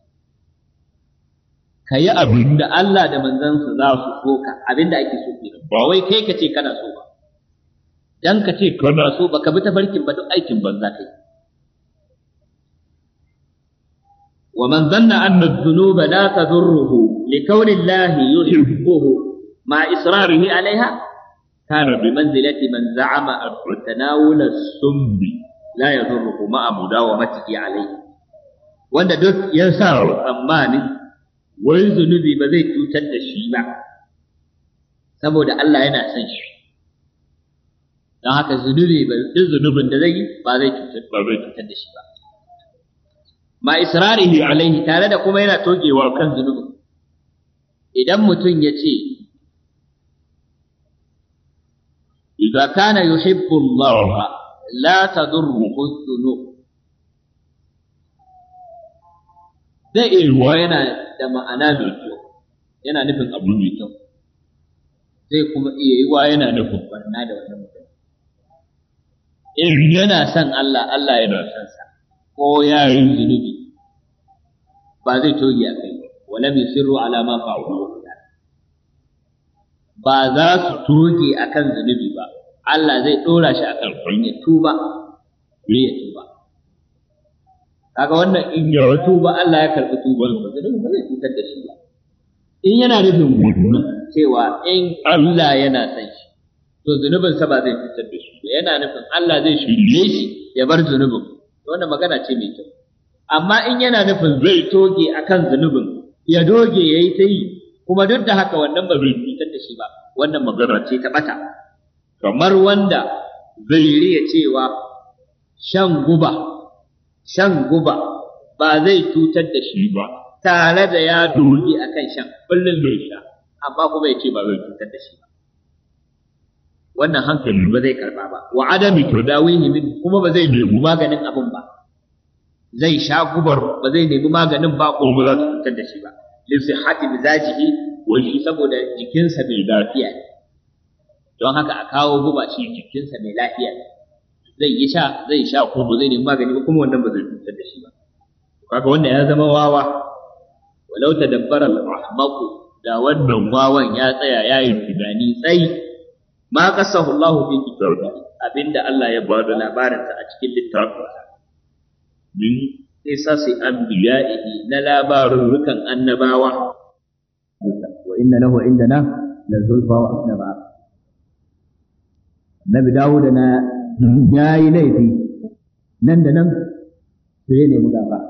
ka yi abin da Allah da manzansa za su so ka abin da ake so ke ba wai kai ka ce kana so ba dan ka ce kana so ba ka bi tafarkin ba duk aikin za ka yi. wa man zanna anna adh-dhunuba la tadurruhu li kawni Allah yuhibbuhu ma israrihi alaiha kana bi manzilati man za'ama at-tanawul as-sumbi la yadurruhu ma abuda wa matiki alaihi wanda duk ya sa tsammanin wai zunubi ba zai cutar da shi ba saboda Allah yana son shi don haka zunubi ba duk zunubin da zai yi ba zai cutar ba zai cutar da shi ba ma israrihi alaihi tare da kuma yana togewa kan zunubin idan mutum ya ce إذا كان يحب الله لا تضره الذنوب zai iya yiwuwa yana da ma'ana mai kyau yana nufin abu mai kyau zai kuma iya yiwuwa yana nufin barna da wannan mutum in yana son Allah Allah ya son sa ko yarin zunubi ba zai toge a kai wala mai sirru alama fa'ulu ba za su toge akan zunubi ba Allah zai ɗora shi akan kunya tuba ya tuba kaga wannan in ya ba, Allah ya karɓi tuban ba zai ba zai cutar da shi ba in yana nufin cewa in Allah yana san shi to zunubin sa ba zai cutar da shi yana nufin Allah zai shirye shi ya bar zunubin wannan magana ce mai kyau amma in yana nufin zai toge akan zunubin ya doge yayi ta yi kuma duk da haka wannan ba zai cutar da shi ba wannan magana ce ta bata kamar wanda zai riya cewa shan guba shan guba ba zai cutar da shi ba tare da ya dogi a kan shan kullum zai sha amma kuma ya ce ba zai cutar da shi ba wannan hankali ba zai karba ba wa adami tudawihi min kuma ba zai nemi maganin abin ba zai sha gubar ba zai nemi maganin ba ko ba za ta cutar da shi ba lifsi hati zajihi wa shi saboda jikinsa mai lafiya ne don haka a kawo guba shi jikinsa mai lafiya ne zai yi sha zai sha ko ba zai nemi magani ba kuma wannan ba zai cutar da shi ba kaga wanda ya zama wawa walau tadabbara al-ahmaqu da wannan wawan ya tsaya ya yi tunani tsayi ma qasahu Allahu fi kitabi abinda Allah ya bada labarin ta a cikin littafin min qisasi anbiya'ihi na labarin rukan annabawa wa inna lahu indana la zulfa wa asnaba Nabi Dawud na ya yi laifi nan da nan sai ya nemi gafara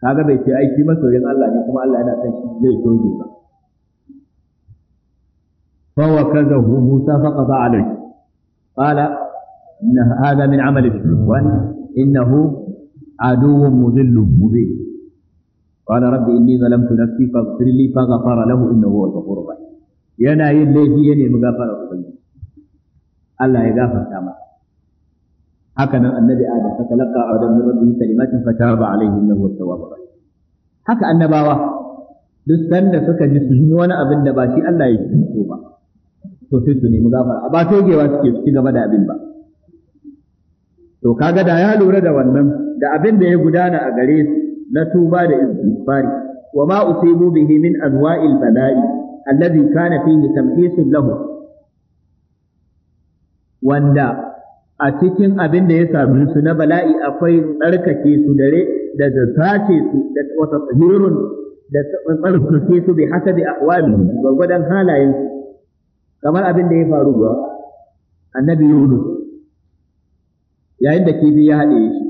kaga bai ce ai shi masoyin Allah ne kuma Allah yana son shi zai toge ba fa wa kazahu Musa fa qada alai qala inna hadha min amali shaytan innahu aduwwun mudillun mubin qala rabbi inni zalamtu nafsi faghfir li faghfara lahu innahu huwal ghafurur rahim yana yin laifi ya nemi gafara ubangiji Allah ya gafarta masa haka nan annabi adam fa talaqa adam min rabbih kalimatin fa taraba alaihi innahu at-tawwabur rahim haka annabawa duk sanda suka ji su yi wani abin da ba shi Allah ya yi su ba to sai su nemi gafara ba togewa suke ci gaba da abin ba to kaga da ya lura da wannan da abin da ya gudana a gare su na tuba da istighfari wa ma usibu bihi min anwa'il bala'i alladhi kana fihi tamhisun lahu wanda a cikin abin da ya sami su na bala'i akwai tsarkake su dare da zace su da wata tsirrun da tsarkake su bi hasabi ahwali gwagwadon halayen kamar abin da ya faru ba, annabi Yunus yayin da kifi ya haɗe shi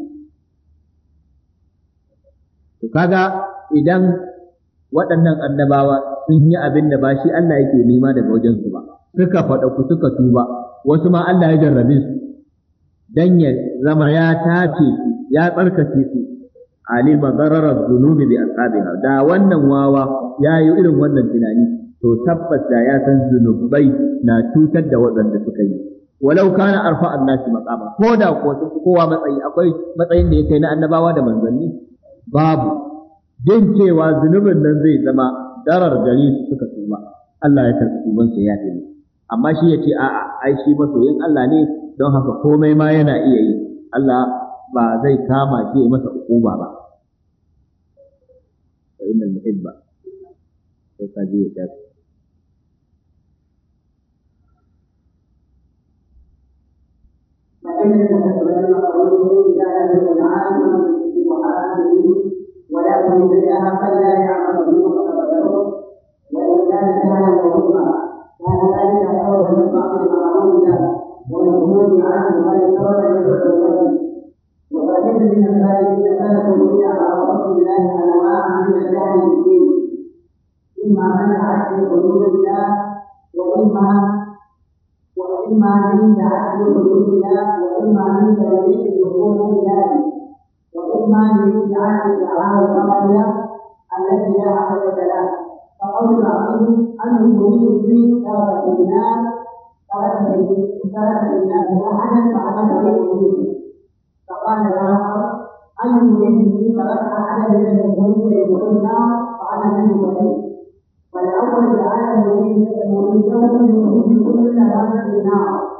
to kaga idan waɗannan annabawa sun yi abin da ba shi Allah yake nema daga wajensu ba suka faɗa ku suka tuba wasu ma Allah ya jarrabe su dan ya zama ya tace ya tsarkake su alima dararar zunubi bi ashabiha da wannan wawa ya yi irin wannan tunani to tabbas da ya san zunubai na cutar da waɗanda suka yi walau kana arfa annasi maqama ko da ko kowa matsayi akwai matsayin da ya kai na annabawa da manzanni babu din cewa zunubin nan zai zama darar gare suka tuba Allah ya karɓi tubansa ya taimaka amma shi ya ce a'a ai shi masoyin Allah ne don haka komai ma yana iya yi Allah ba zai kama shi masa hukuma ba fa innal muhibba sai ka ji ya ولا تنزلها فلا يعمل به وتبدله وإن كان كان موهوما كان عنه قد استوى العلماء وقد من الخارجين سلكوا البدع على الله انواعا من الجهل بالدين اما منعت في حدود الله واما واما من دعت في حدود الله واما من تبرير حقوق الله واما من ادعاء الدعاء الباطله التي لا حقيقه لها فقول بعضهم انه يريد به ترك الناس ثلاثه ترك الناس واحدا فعمل به فقال الاخر انه يريد به ترك أحدا من المسلمين يدخلون النار فعمل به وحيد والاول جعله مريده يريد كل ذنب النار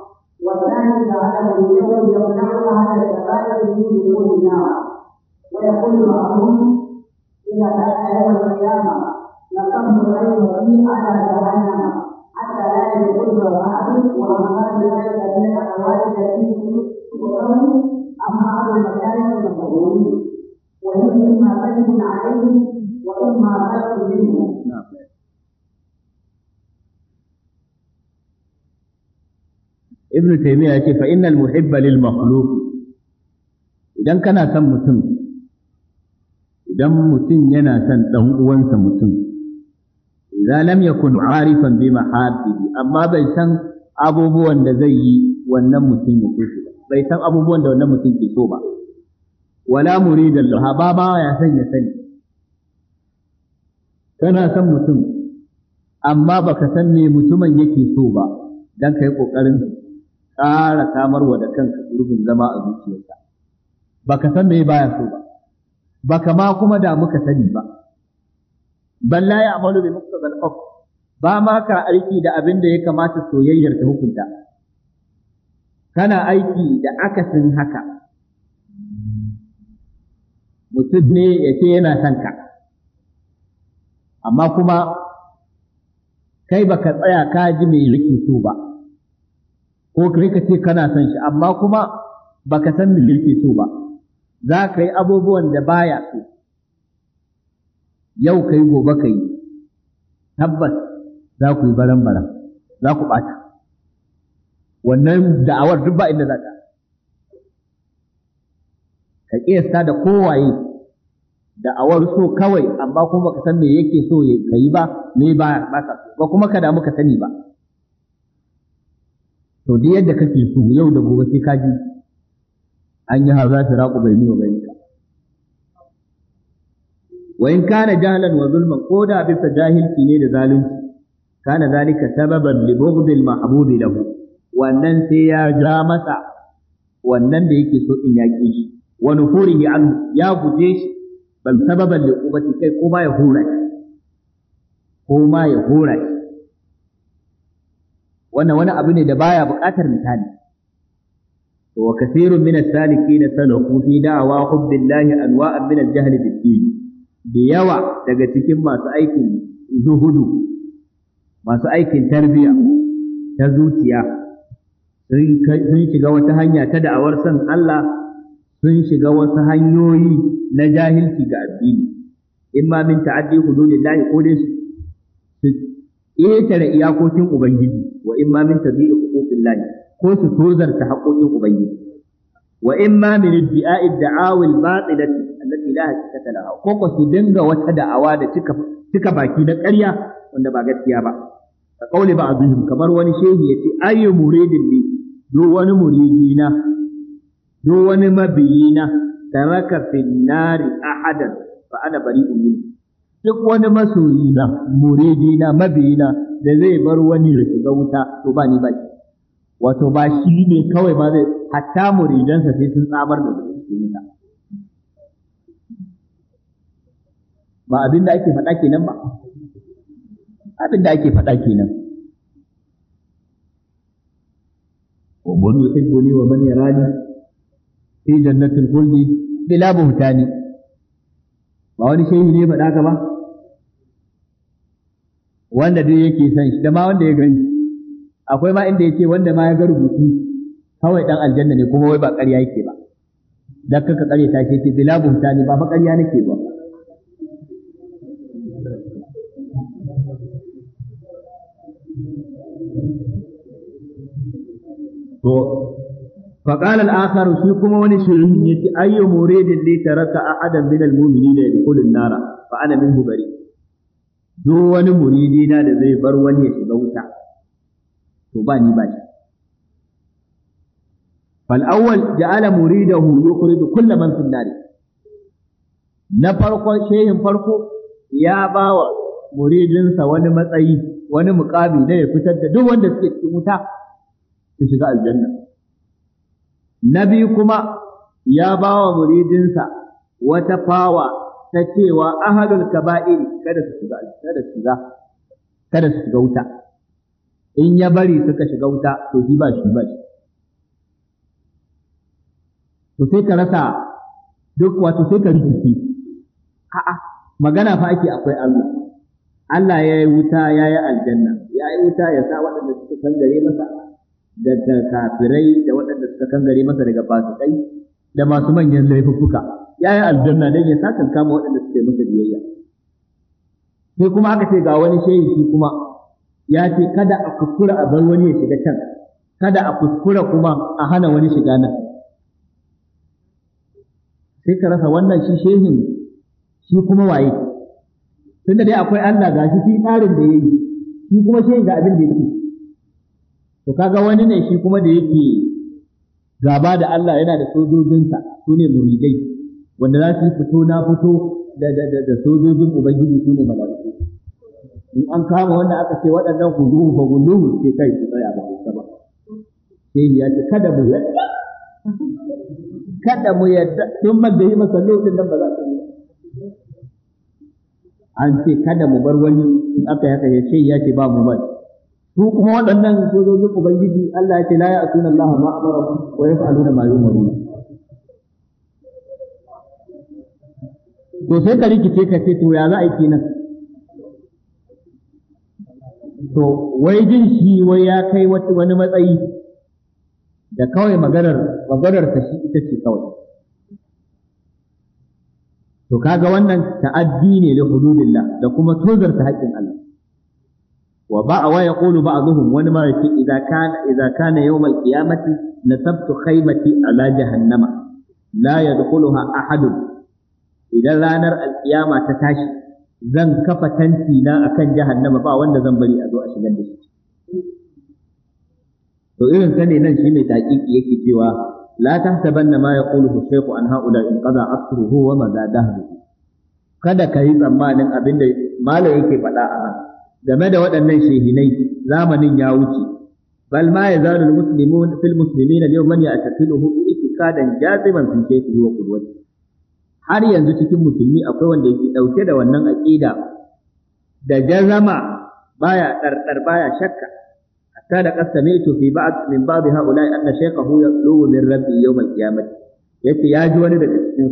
والثاني جعله مريده يمنعها على الكبائر في دخول النار ويقول بعضهم اذا كان يوم القيامه لقد رايت على جهنم حتى لا يدخل احد وما ذلك من الاقوال التي تقرن اما على المكان المقبولين وهي ما كذب عليه واما خلق منه ابن تيمية يقول فإن المحب للمخلوق إذا كان سم kana إذا mutum idan mutum yana son idza lam yakun arifan bi mahabbihi amma bai san abubuwan da zai yi wannan mutum ya so bai san abubuwan da wannan mutum ke so ba wala muridan laha ba ba ya san ya sani kana san mutum amma baka san me mutumin yake so ba dan kai kokarin ƙara samarwa da kanka gurbin zama a zuciyarka baka san me baya so ba baka ma kuma da muka sani ba bal la ya'malu bi muqtadal hukm ba ma ka aiki da abin da ya kamata soyayyar ta hukunta kana aiki da akasin haka mutum ne ya ce yana son ka amma kuma kai baka tsaya ka ji mai rike so ba ko kai ka ce kana son shi amma kuma baka san mai rike so ba za ka yi abubuwan da baya so yau kai gobe kai tabbas za ku yi baran baran za ku ɓata. wannan da'awar duk ba inda za ta ka kiyasta da kowaye da'awar so kawai amma kuma ka san me yake so ka yi ba me ba ba ka so ba kuma ka damu ka sani ba to duk yadda kake so yau da gobe sai ka ji an yi haza firaku bai ni wa bai wa in kana jahlan wa zulman ko da bisa jahilci ne da zalunci kana zalika sababan li bughdil mahbubi lahu wannan sai ya ja masa wannan da yake so din ya ki shi ya guje shi kai ko ya hura ko ya hura wannan wani abu ne da baya buƙatar misali وكثير من السالكين سلكوا في دعوى حب الله انواعا من الجهل بالدين da yawa daga cikin masu aikin zuhudu masu aikin tarbiya ta zuciya sun shiga wata hanya ta da'awar son Allah sun shiga wasu hanyoyi na jahilci ga addini in ma min ta'addi hududillahi ko dai su ƙetare iyakokin ubangiji wa in ma min tadhi'i huquqillahi ko su tozarta haƙoƙin ubangiji wa imma min idda'i da'awi al-batilati allati la haqiqata laha ko ko su dinga wata da'awa da cika baki da karya wanda ba gaskiya ba ka kauli ba azuhum kamar wani shehi yace ayyu muridin li do wani muridina do wani ana duk wani masoyi na muridi na mabiyi na da zai bar wani ya wuta to ba ni ba wato ba shi ne kawai ba zai hatta muridansa sai sun tsamar da su cikin ba abin da ake faɗa kenan ba abin da ake faɗa kenan wa man yuhibbuni wa man yarani fi jannatin khuldi bila buhtani ba wani shehi ne faɗa ka ba wanda duk yake son shi da ma wanda ya gani akwai ma inda yake wanda ma ya ga rubutu kawai dan aljanna ne kuma wai ba ƙarya yake ba dan kaka ƙarya ta ce bila ne ba fa ƙarya nake ba to فقال الآخر فيكم ونشرين أي مريد اللي ترك أحدا من المؤمنين يدخل النار فأنا منه بريء duk wani muridina da zai bar wani ya shiga wuta to ba ni ba fal'awwal ja'ala da yukhriju kulla man fi nari na farko shehin farko ya bawa muridinsa wani matsayi wani muƙami da ya fitar da duk wanda suke cikin wuta su shiga aljanna na biyu kuma ya bawa muridinsa wata fawa ta cewa ahalul kaba'iri kada kada su shiga wuta in ya bari suka shiga wuta to shi ba shi ba to sai ka rasa duk wato sai ka rikici a'a magana fa ake akwai Allah Allah ya yi wuta ya yi aljanna ya yi wuta ya sa waɗanda suka kangare masa daga kafirai da waɗanda suka kangare masa daga fasikai da masu manyan laifuffuka ya yi aljanna don ya sakan kama waɗanda suka yi masa biyayya sai kuma aka ce ga wani shehi shi kuma ya ce kada a kuskura a bar wani ya shiga can kada a kuskura kuma a hana wani shiga nan sai ka rasa wannan shi shehin shi kuma waye tunda dai akwai Allah ga shi shi tsarin da yayi shi kuma shehin ga abin da yake to kaga wani ne shi kuma da yake gaba da Allah yana da sojojinsa su ne muridai wanda za su yi fito na fito da da da, da sojojin ubangiji su ne mala'iku in an kama wannan aka ce waɗannan huduhu fa gulluhu sai kai su tsaya ba ba sai ya ce kada mu kada mu yadda sun da yi masa lokacin nan ba za su yi an ce kada mu bar wani in aka haka ya ce ya ce ba mu ba su kuma waɗannan sojojin ubangiji Allah ya ce la ya'tuna Allah ma amara wa yaf'aluna ma yu'maruna to sai ka rikice ka ce to ya za a yi kenan to wai jin shi wai ya kai wani matsayi da kawai maganar maganar ta shi ita ce kawai to kaga wannan ta'addi ne li hududillah da kuma tozarta haƙƙin Allah wa ƙulu ba a ba'dhum wani ma yace idza kana idza kana yawm al-qiyamati nasabtu khaymati ala jahannama la yadkhuluha Ahadun. idan ranar al ta tashi zan kafa tanti na akan jahannama ba wanda zan bari a zo a shigar da shi to irin sani nan shi mai taƙiƙi yake cewa la tahsabanna ma yaquluhu shaykhu an haula in qada asruhu wa madha dahruhu kada ka yi tsammanin abin da malam yake faɗa a nan game da waɗannan shehinai zamanin ya wuce bal ma yazalu muslimun fil muslimina al yawman ya'taqiluhu bi itikadan jaziman fi shaykhihi wa qudwatihi har yanzu cikin musulmi akwai wanda yake dauke da wannan aqida da jazama baya ɗarɗar baya shakka kada qad sami'tu fi ba'd min ba'd ha'ula'i anna shaykhahu yatlubu min rabbi yawm al-qiyamah yace ya ji wani daga cikin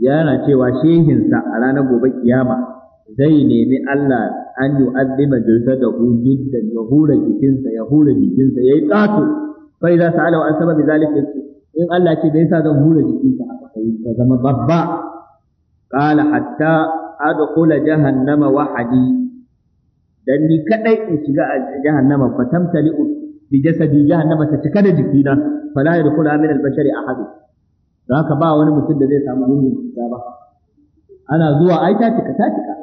yana cewa shehinsa a ranar gobe kiyama zai nemi Allah an yu'azzima jasadahu jiddan ya hura jikinsa ya hura jikinsa ya yi yayi tsato fa idza sa'ala an sababi zalika in Allah ce bai sa zan hura jikinsa. a kai ta zama babba qala hatta adkhula jahannama wahadi dan ni kadai in shiga jahannama fa tamtali bi jasadi jahannama ta cika da jikina fa la yadkhulu min al-bashari ahad don haka ba wani mutum da zai samu hurmin shiga ba ana zuwa ai ta cika ta cika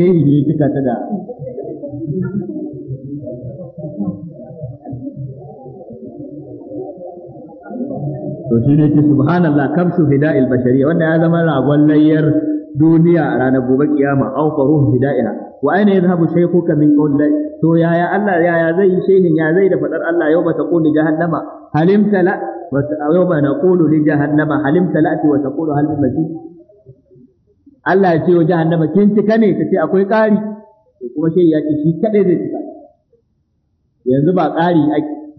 sai yi cika ta da to shi ne ce subhanallah kam shuhida al-bashari wanda ya zama ragon layyar duniya a ranar gobe kiyama au faruhu hida'iha wa aina yadhhabu shaykhuka min qawl to yaya Allah yaya zai yi shehin ya zai da fadar Allah yau ba ta qulu jahannama halimta la wa yau ba naqulu li jahannama halimta la wa taqulu hal min mazid Allah ya ce wa jahannama kin cika ne kace akwai ƙari to kuma shehi ya ce shi kade zai cika yanzu ba ƙari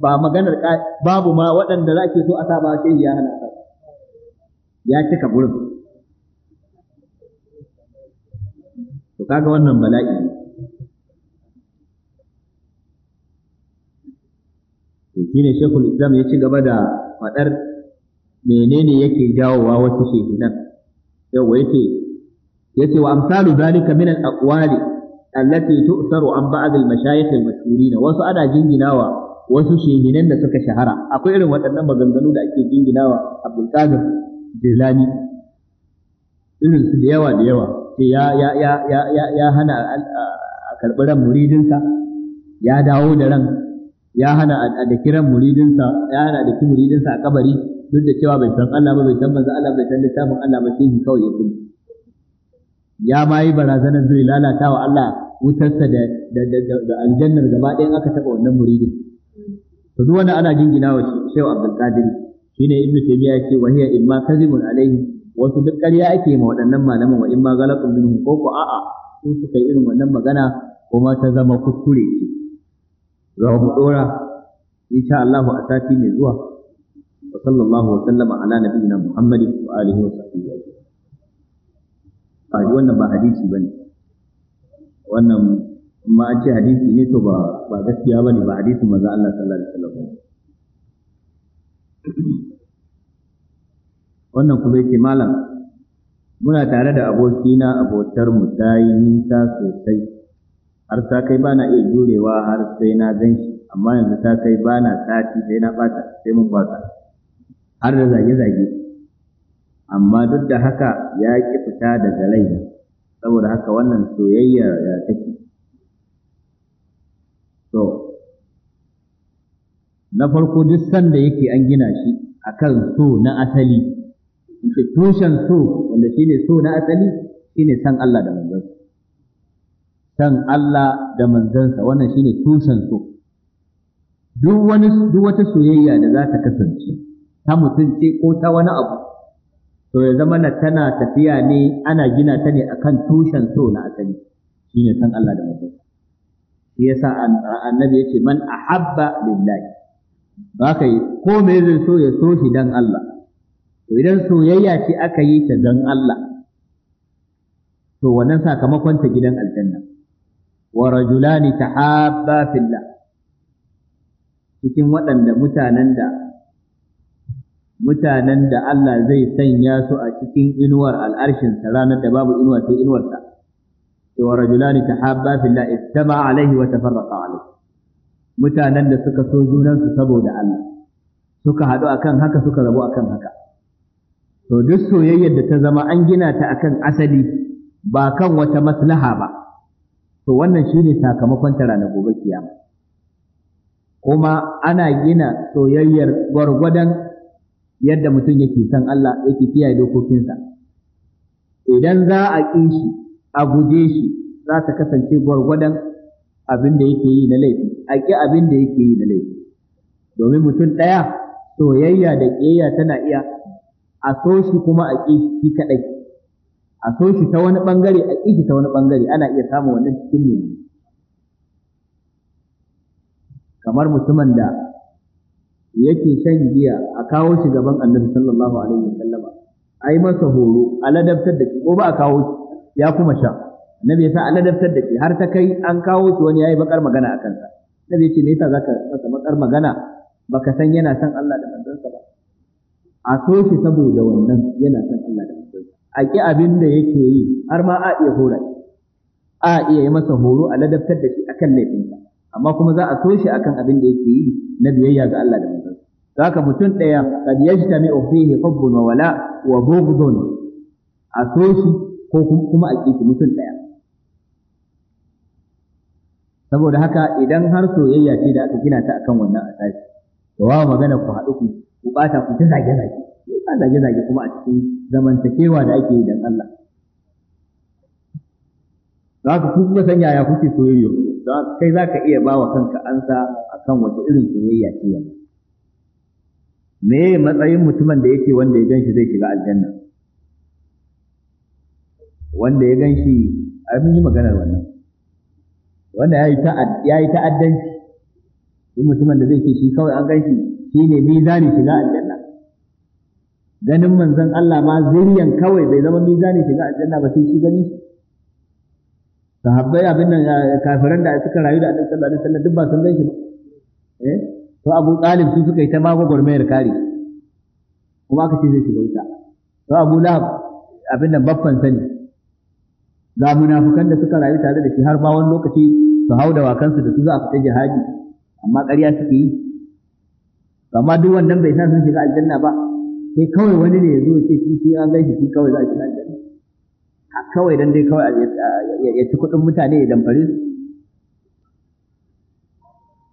ba maganar babu ma waɗanda za ke so a saba ba shehi ya hana ya cika gurin kaga wannan bala'i ne to ne shekul islam ya ci gaba da faɗar menene yake jawowa wasu shehinan yawa yace yace wa amsalu zalika min al-aqwali allati tu'saru an ba'd al-mashayikh al-mashhurin wasu ana jinginawa wasu shehinan da suka shahara akwai irin waɗannan maganganu da ake jinginawa Abdul Qadir Jilani irin su da yawa da yawa ya ya ya ya ya ya hana a karɓi ran muridinsa ya dawo da ran ya hana a da kiran muridinsa ya hana da ki muridinsa a kabari duk da cewa bai san Allah ba bai san manzo Allah bai san littafin Allah ba shi kawai ya sani ya ma yi barazanar zai lalata wa Allah wutarsa da da aljannar gaba ɗayan aka taɓa wannan muridin to duk wanda ana jingina wa Shehu Abdul Qadir shine ibnu Taymiyyah yake wa hiya imma kazibun alayhi wasu duk ƙarya ake ma waɗannan malaman wa in ma galatun minhum ko ko a'a sun suka yi irin wannan magana kuma ta zama kuskure ce za mu dora insha Allah a sati mai zuwa wa sallallahu wa sallama ala nabiyina Muhammadin wa alihi wa sahbihi ajma'in ba wannan ba hadisi bane wannan ma an ce hadisi ne to ba ba gaskiya bane ba hadisin manzo Allah sallallahu alaihi wasallam wannan kuma yake malam muna tare da abokina abotar mu ta yi nisa sosai har ta kai bana iya jurewa har sai na gan shi amma yanzu ta kai bana sati sai na bata sai mun bata har da zage-zage amma duk da haka ya ki fita daga laifin, saboda haka wannan soyayya ya take to na farko duk sanda yake an gina shi akan so na asali yake tushen so wanda shi ne so na asali shine san Allah da manzansa san Allah da manzansa wannan shine tushen so duk wani duk wata soyayya da za ta kasance ta mutum ce ko ta wani abu to ya zama na tana tafiya ne ana gina ta ne akan tushen so na asali shine san Allah da manzansa shi yasa annabi yace man ahabba lillahi ba kai ko me zai so ya so shi dan Allah idan soyayya ce aka yi ta don Allah to wannan sakamakon ta gidan aljanna wa rajulani tahabba filla? cikin waɗanda mutanen da mutanen da Allah zai sanya su a cikin inuwar al'arshinsa ranar da babu inuwa sai inuwarsa wa rajulani tahabba fillah istama alaihi wa tafarraqa alaihi mutanen da suka so junansu saboda Allah suka haɗu akan haka suka rabu akan haka to duk soyayyar da ta zama an gina ta akan asali ba kan wata maslaha ba to wannan shine sakamakon ta gobe kiyama kuma ana gina soyayyar gwargwadon yadda mutum yake san Allah yake kiyaye dokokinsa idan za a ƙi shi a guje shi za ta kasance gwargwadon abin da yake yi na laifi a ƙi abin da yake yi na laifi domin mutum ɗaya soyayya da ƙiyayya tana iya a so shi kuma a ƙi shi kaɗai a so shi ta wani ɓangare a ƙi shi ta wani ɓangare ana iya samun wannan cikin ne kamar mutumin da yake shan giya a kawo shi gaban annabi sallallahu alaihi wasallama ai masa horo a ladabtar da shi ko ba a kawo shi ya kuma sha annabi ya sa a ladabtar da shi har ta kai an kawo shi wani yayi bakar magana a kansa annabi ya ce me yasa zaka masa bakar magana baka san yana son Allah a so saboda wannan yana son Allah da mutunci a ki abin da yake yi har ma a iya hora a iya yi masa horo a ladabtar da shi akan laifinsa amma kuma za a so shi akan abin da yake yi na biyayya ga Allah da mutunci zaka mutum ɗaya kad yajtami fihi hubbun wa wala wa bughdun a so ko kuma a kishi mutum ɗaya saboda haka idan har soyayya ce da aka gina ta akan wannan asasi to wa magana ku haɗu ku ku ku ta zage zage ba zage zage kuma a cikin zamantakewa da ake yi dan Allah za ka ku kuma san yaya kuke soyayya kai za ka iya bawa kanka ansa akan wata irin soyayya ce wannan me matsayin mutumin da yake wanda ya ganshi zai shiga aljanna wanda ya ganshi ai mun yi maganar wannan wanda ya yi ta'addanci duk mutumin da zai ce shi kawai an ganshi shi ne mizani shiga aljanna ganin manzon Allah ma zuriyan kawai bai zama mizani shiga aljanna ba sai shi gani sahabbai abin nan kafiran da suka rayu da annabi sallallahu alaihi wasallam duk ba sun gan shi ba eh to Abu Talib su suka yi ta mago gurmayar kare kuma aka ce zai shiga wuta to Abu Lahab abin nan baffan sani ga munafukan da suka rayu tare da shi har ma wani lokaci su hau da wakansu da su za a fita jihadi amma ƙarya suke yi amma duk wannan bai sa sun shiga aljanna ba sai kawai wani ne ya zo ce shi shi an gaishe shi kawai za a shiga aljanna kawai dan dai kawai ya ci kuɗin mutane ya damfare su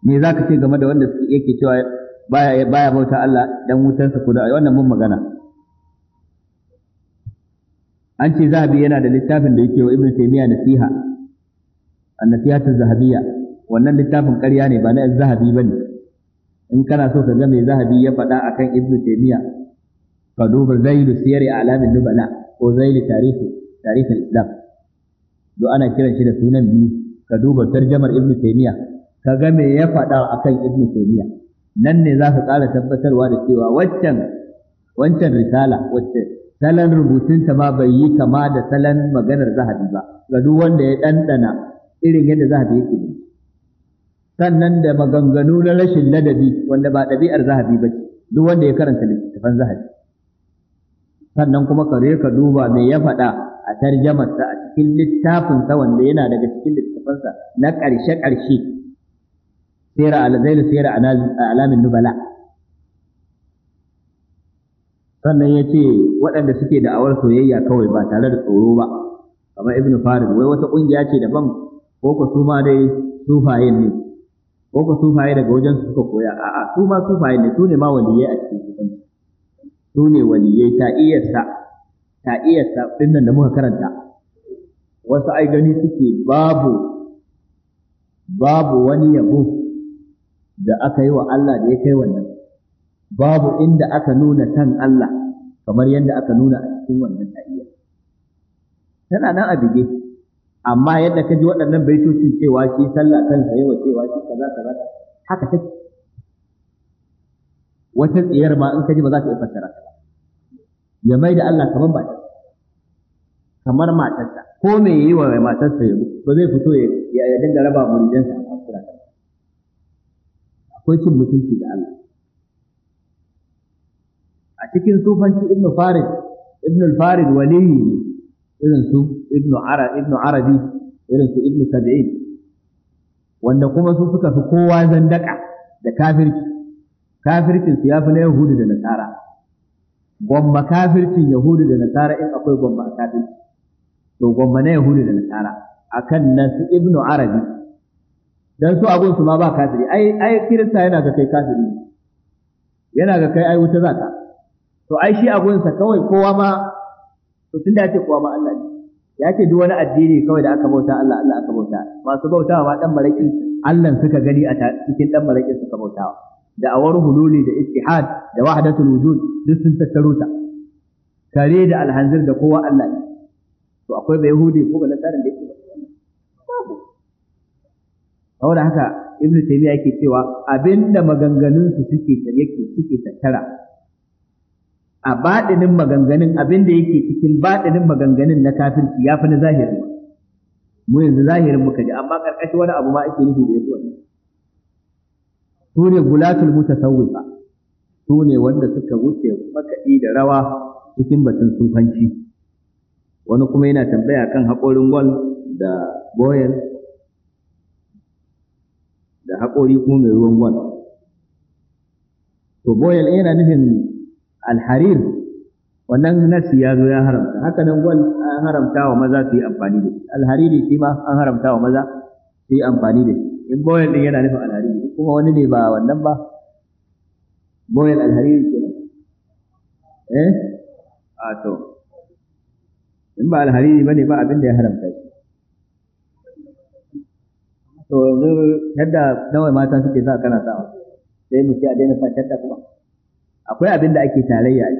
me za ka ce game da wanda yake cewa baya baya bauta Allah dan wutarsa ko da wannan mun magana an ce zahabi yana da littafin da yake wa ibn taymiya nasiha an-nasihatu zahabiyya wannan littafin ƙarya ne ba na zahabi bane in kana so ka ga mai zahabi ya faɗa akan ibnu taymiya ka duba zailu siyari alamin nubala ko zailu tarihi tarihin islam do ana kiran shi da sunan biyu ka duba tarjamar ibnu taymiya ka ga me ya faɗa akan ibnu taymiya nan ne za ka ƙara tabbatarwa da cewa waccan wancan risala wacce salon ta ma bai yi kama da salon maganar zahabi ba ga duk wanda ya ɗanɗana irin yadda zahabi yake bi sannan da maganganu na rashin ladabi wanda ba ɗabi'ar zahabi ba duk wanda ya karanta littattafan zahabi sannan kuma ka ka duba me ya faɗa a tarjamarsa a cikin littafinsa wanda yana daga cikin littattafansa na ƙarshe-ƙarshe sera alzailu sera alamin nubala sannan ya ce waɗanda suke da da'awar soyayya kawai ba tare da tsoro ba kamar ibnu farid wai wata ƙungiya ce daban ko ku su ma dai sufayen ne ko ka sufaye daga wajen su suka koya a'a su ma sufaye ne su ne ma waliyai a cikin sufanci su ne waliyai ta iyarsa ta iyarsa dinnan da muka karanta wasu ai gani suke babu babu wani yabo da aka yi wa Allah da ya kai wannan babu inda aka nuna san Allah kamar yadda aka nuna a cikin wannan ta'iyya tana nan a bige amma yadda ka ji waɗannan baitocin cewa shi sallah kan yawa cewa shi kaza kaza haka take wata tsiyar ma in ka ji ba za ka iya fassara ta ya mai da Allah kamar matar kamar matarsa ko me yi wa matarsa yabo ba zai fito ya ya dinga raba muridansa a fassara ta akwai cin mutunci da Allah a cikin sufanci ibnu farid ibnu farid waliyi irin su ibnu ara ibnu arabi irin su ibnu sab'in wanda kuma su suka fi kowa zandaka da kafirci kafircin su yafi na yahudu da nasara gwamma kafircin yahudu da nasara in akwai gwamma kafirci to gwamma na yahudu da nasara akan na su ibnu arabi dan su abun su ma ba kafiri ai ai kirista yana ga kai kafiri yana ga kai ai wuta zaka to ai shi abun sa kawai kowa ma to tunda ce kowa ma Allah ne ya ce duk wani addini kawai da aka bauta Allah Allah aka bauta masu bautawa ma dan maraƙi. Allah suka gani a cikin dan maraƙi suka bautawa da awar hululi da ittihad da wahdatul wujud duk sun tattaro ta tare da alhanzir da kowa Allah ne to akwai bai yahudi ko ba nasaran da yake babu da haka ibnu taymiya yake cewa abinda maganganun su suke yake suke tattara a baɗinin maganganun abin da yake cikin baɗinin maganganun na kafirci ya fi na zahirin mu yanzu zahirin muka ji amma ƙarƙashin wani abu ma ake nufi da ya zuwa su ne gulatul mutasawwifa su ne wanda suka wuce makaɗi da rawa cikin batun sufanci wani kuma yana tambaya kan haƙorin gwal da boyel da haƙori kuma mai ruwan gwal to boyel yana nufin alharir wannan nasi ya zo ya haramta haka nan gwal an haramta wa maza su yi amfani da shi alhariri shi ma an haramta wa maza su yi amfani da shi in boyan din yana nufin alhariri kuma wani ne ba wannan ba boyan alhariri ke eh a to in ba alhariri bane ba abin da ya haramta shi to yanzu yadda nawa mata suke sa kana sawa sai mu ci a daina sa shadda kuma akwai abin da ake tarayya a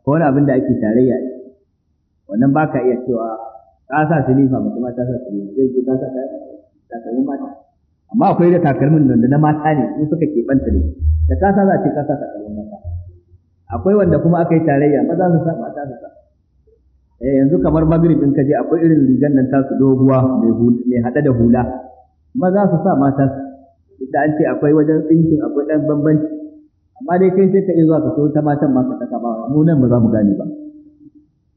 akwai wani abin da ake tarayya a wannan ba ka iya cewa ka sa silifa mace ma ta sa silifa zai ce ka sa takalmin mata amma akwai da takalmin nan na mata ne su suka keɓanta ne da ka sa za a ce ka sa takalmin mata akwai wanda kuma aka yi tarayya maza su sa mata su sa eh yanzu kamar magribin ka je akwai irin rigan nan tasu doguwa mai mai hada da hula maza su sa mata duk da an ce akwai wajen tsinkin akwai dan bambanci amma dai kai sai ka iya zuwa ka so ta matan ma ka saka ba mu nan ba za mu gane ba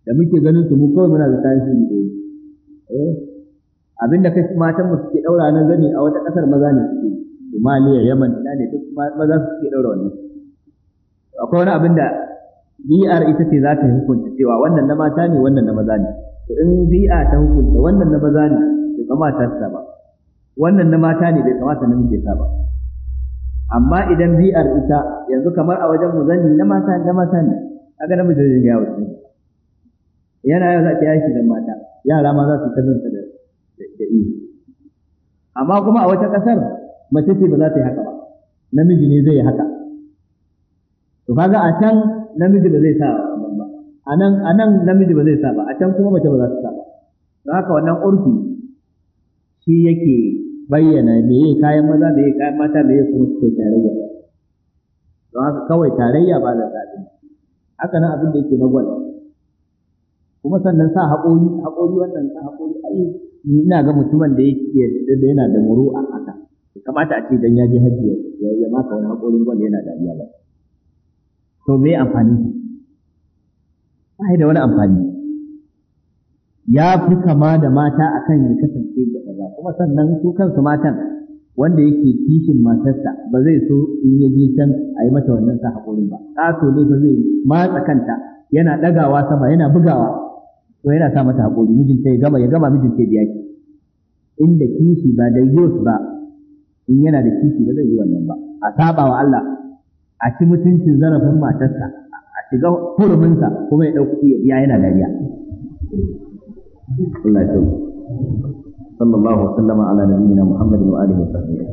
da muke ganin su mu kawai muna da tarihi ne eh abinda kai matan mu suke daura nan zane a wata kasar maza ne suke Somalia Yemen ina ne duk maza suke daura wannan akwai wani abin da VR ita ce za ta hukunta cewa wannan na mata ne wannan na maza ne to in VR ta hukunta wannan na maza ne bai kamata ta ba wannan na mata ne bai kamata namiji ta ba amma idan bi'ar ita yanzu kamar a wajen mu zanni na mata na mata ne kaga namiji zai ya wuce yana yau za ta yashi da mata yara ma za su ta zanta da da amma kuma a wata kasar mace ce ba za ta yi haka ba namiji ne zai yi haka to kaga a can namiji ba zai sa ba a nan a nan namiji ba zai sa ba a can kuma mace ba za ta sa ba don haka wannan urfi shi yake bayyana me yi kayan maza meye kayan mata meye kuma suke tarayya don haka kawai tarayya ba da zaɓi haka nan abin da yake na gwal kuma sannan sa haƙori haƙori wannan sa haƙori ai ina ga mutumin da yake da yana da a haka kamata a ce dan ya je hajji ya maka wani haƙorin gwal yana dariya ba to me amfani ba da wani amfani ya fi kama da mata akan ya kasance da maza kuma sannan su kansu matan wanda yake kishin matarsa ba zai so in ya je can a yi mata wannan sahaburin ba ƙato ne ba zai matsa kanta yana ɗagawa sama yana bugawa to yana sa mata haƙuri mijinta ya gama ya gama mijinta ya ki inda kishi ba da yus ba in yana da kishi ba zai yi wannan ba a saba wa Allah a ci mutuncin zarafin matarsa a shiga huruminsa kuma ya ɗauki ya biya yana dariya Allah ya sallallahu wasallama ala nabiyyina Muhammadin wa alihi wa sahbihi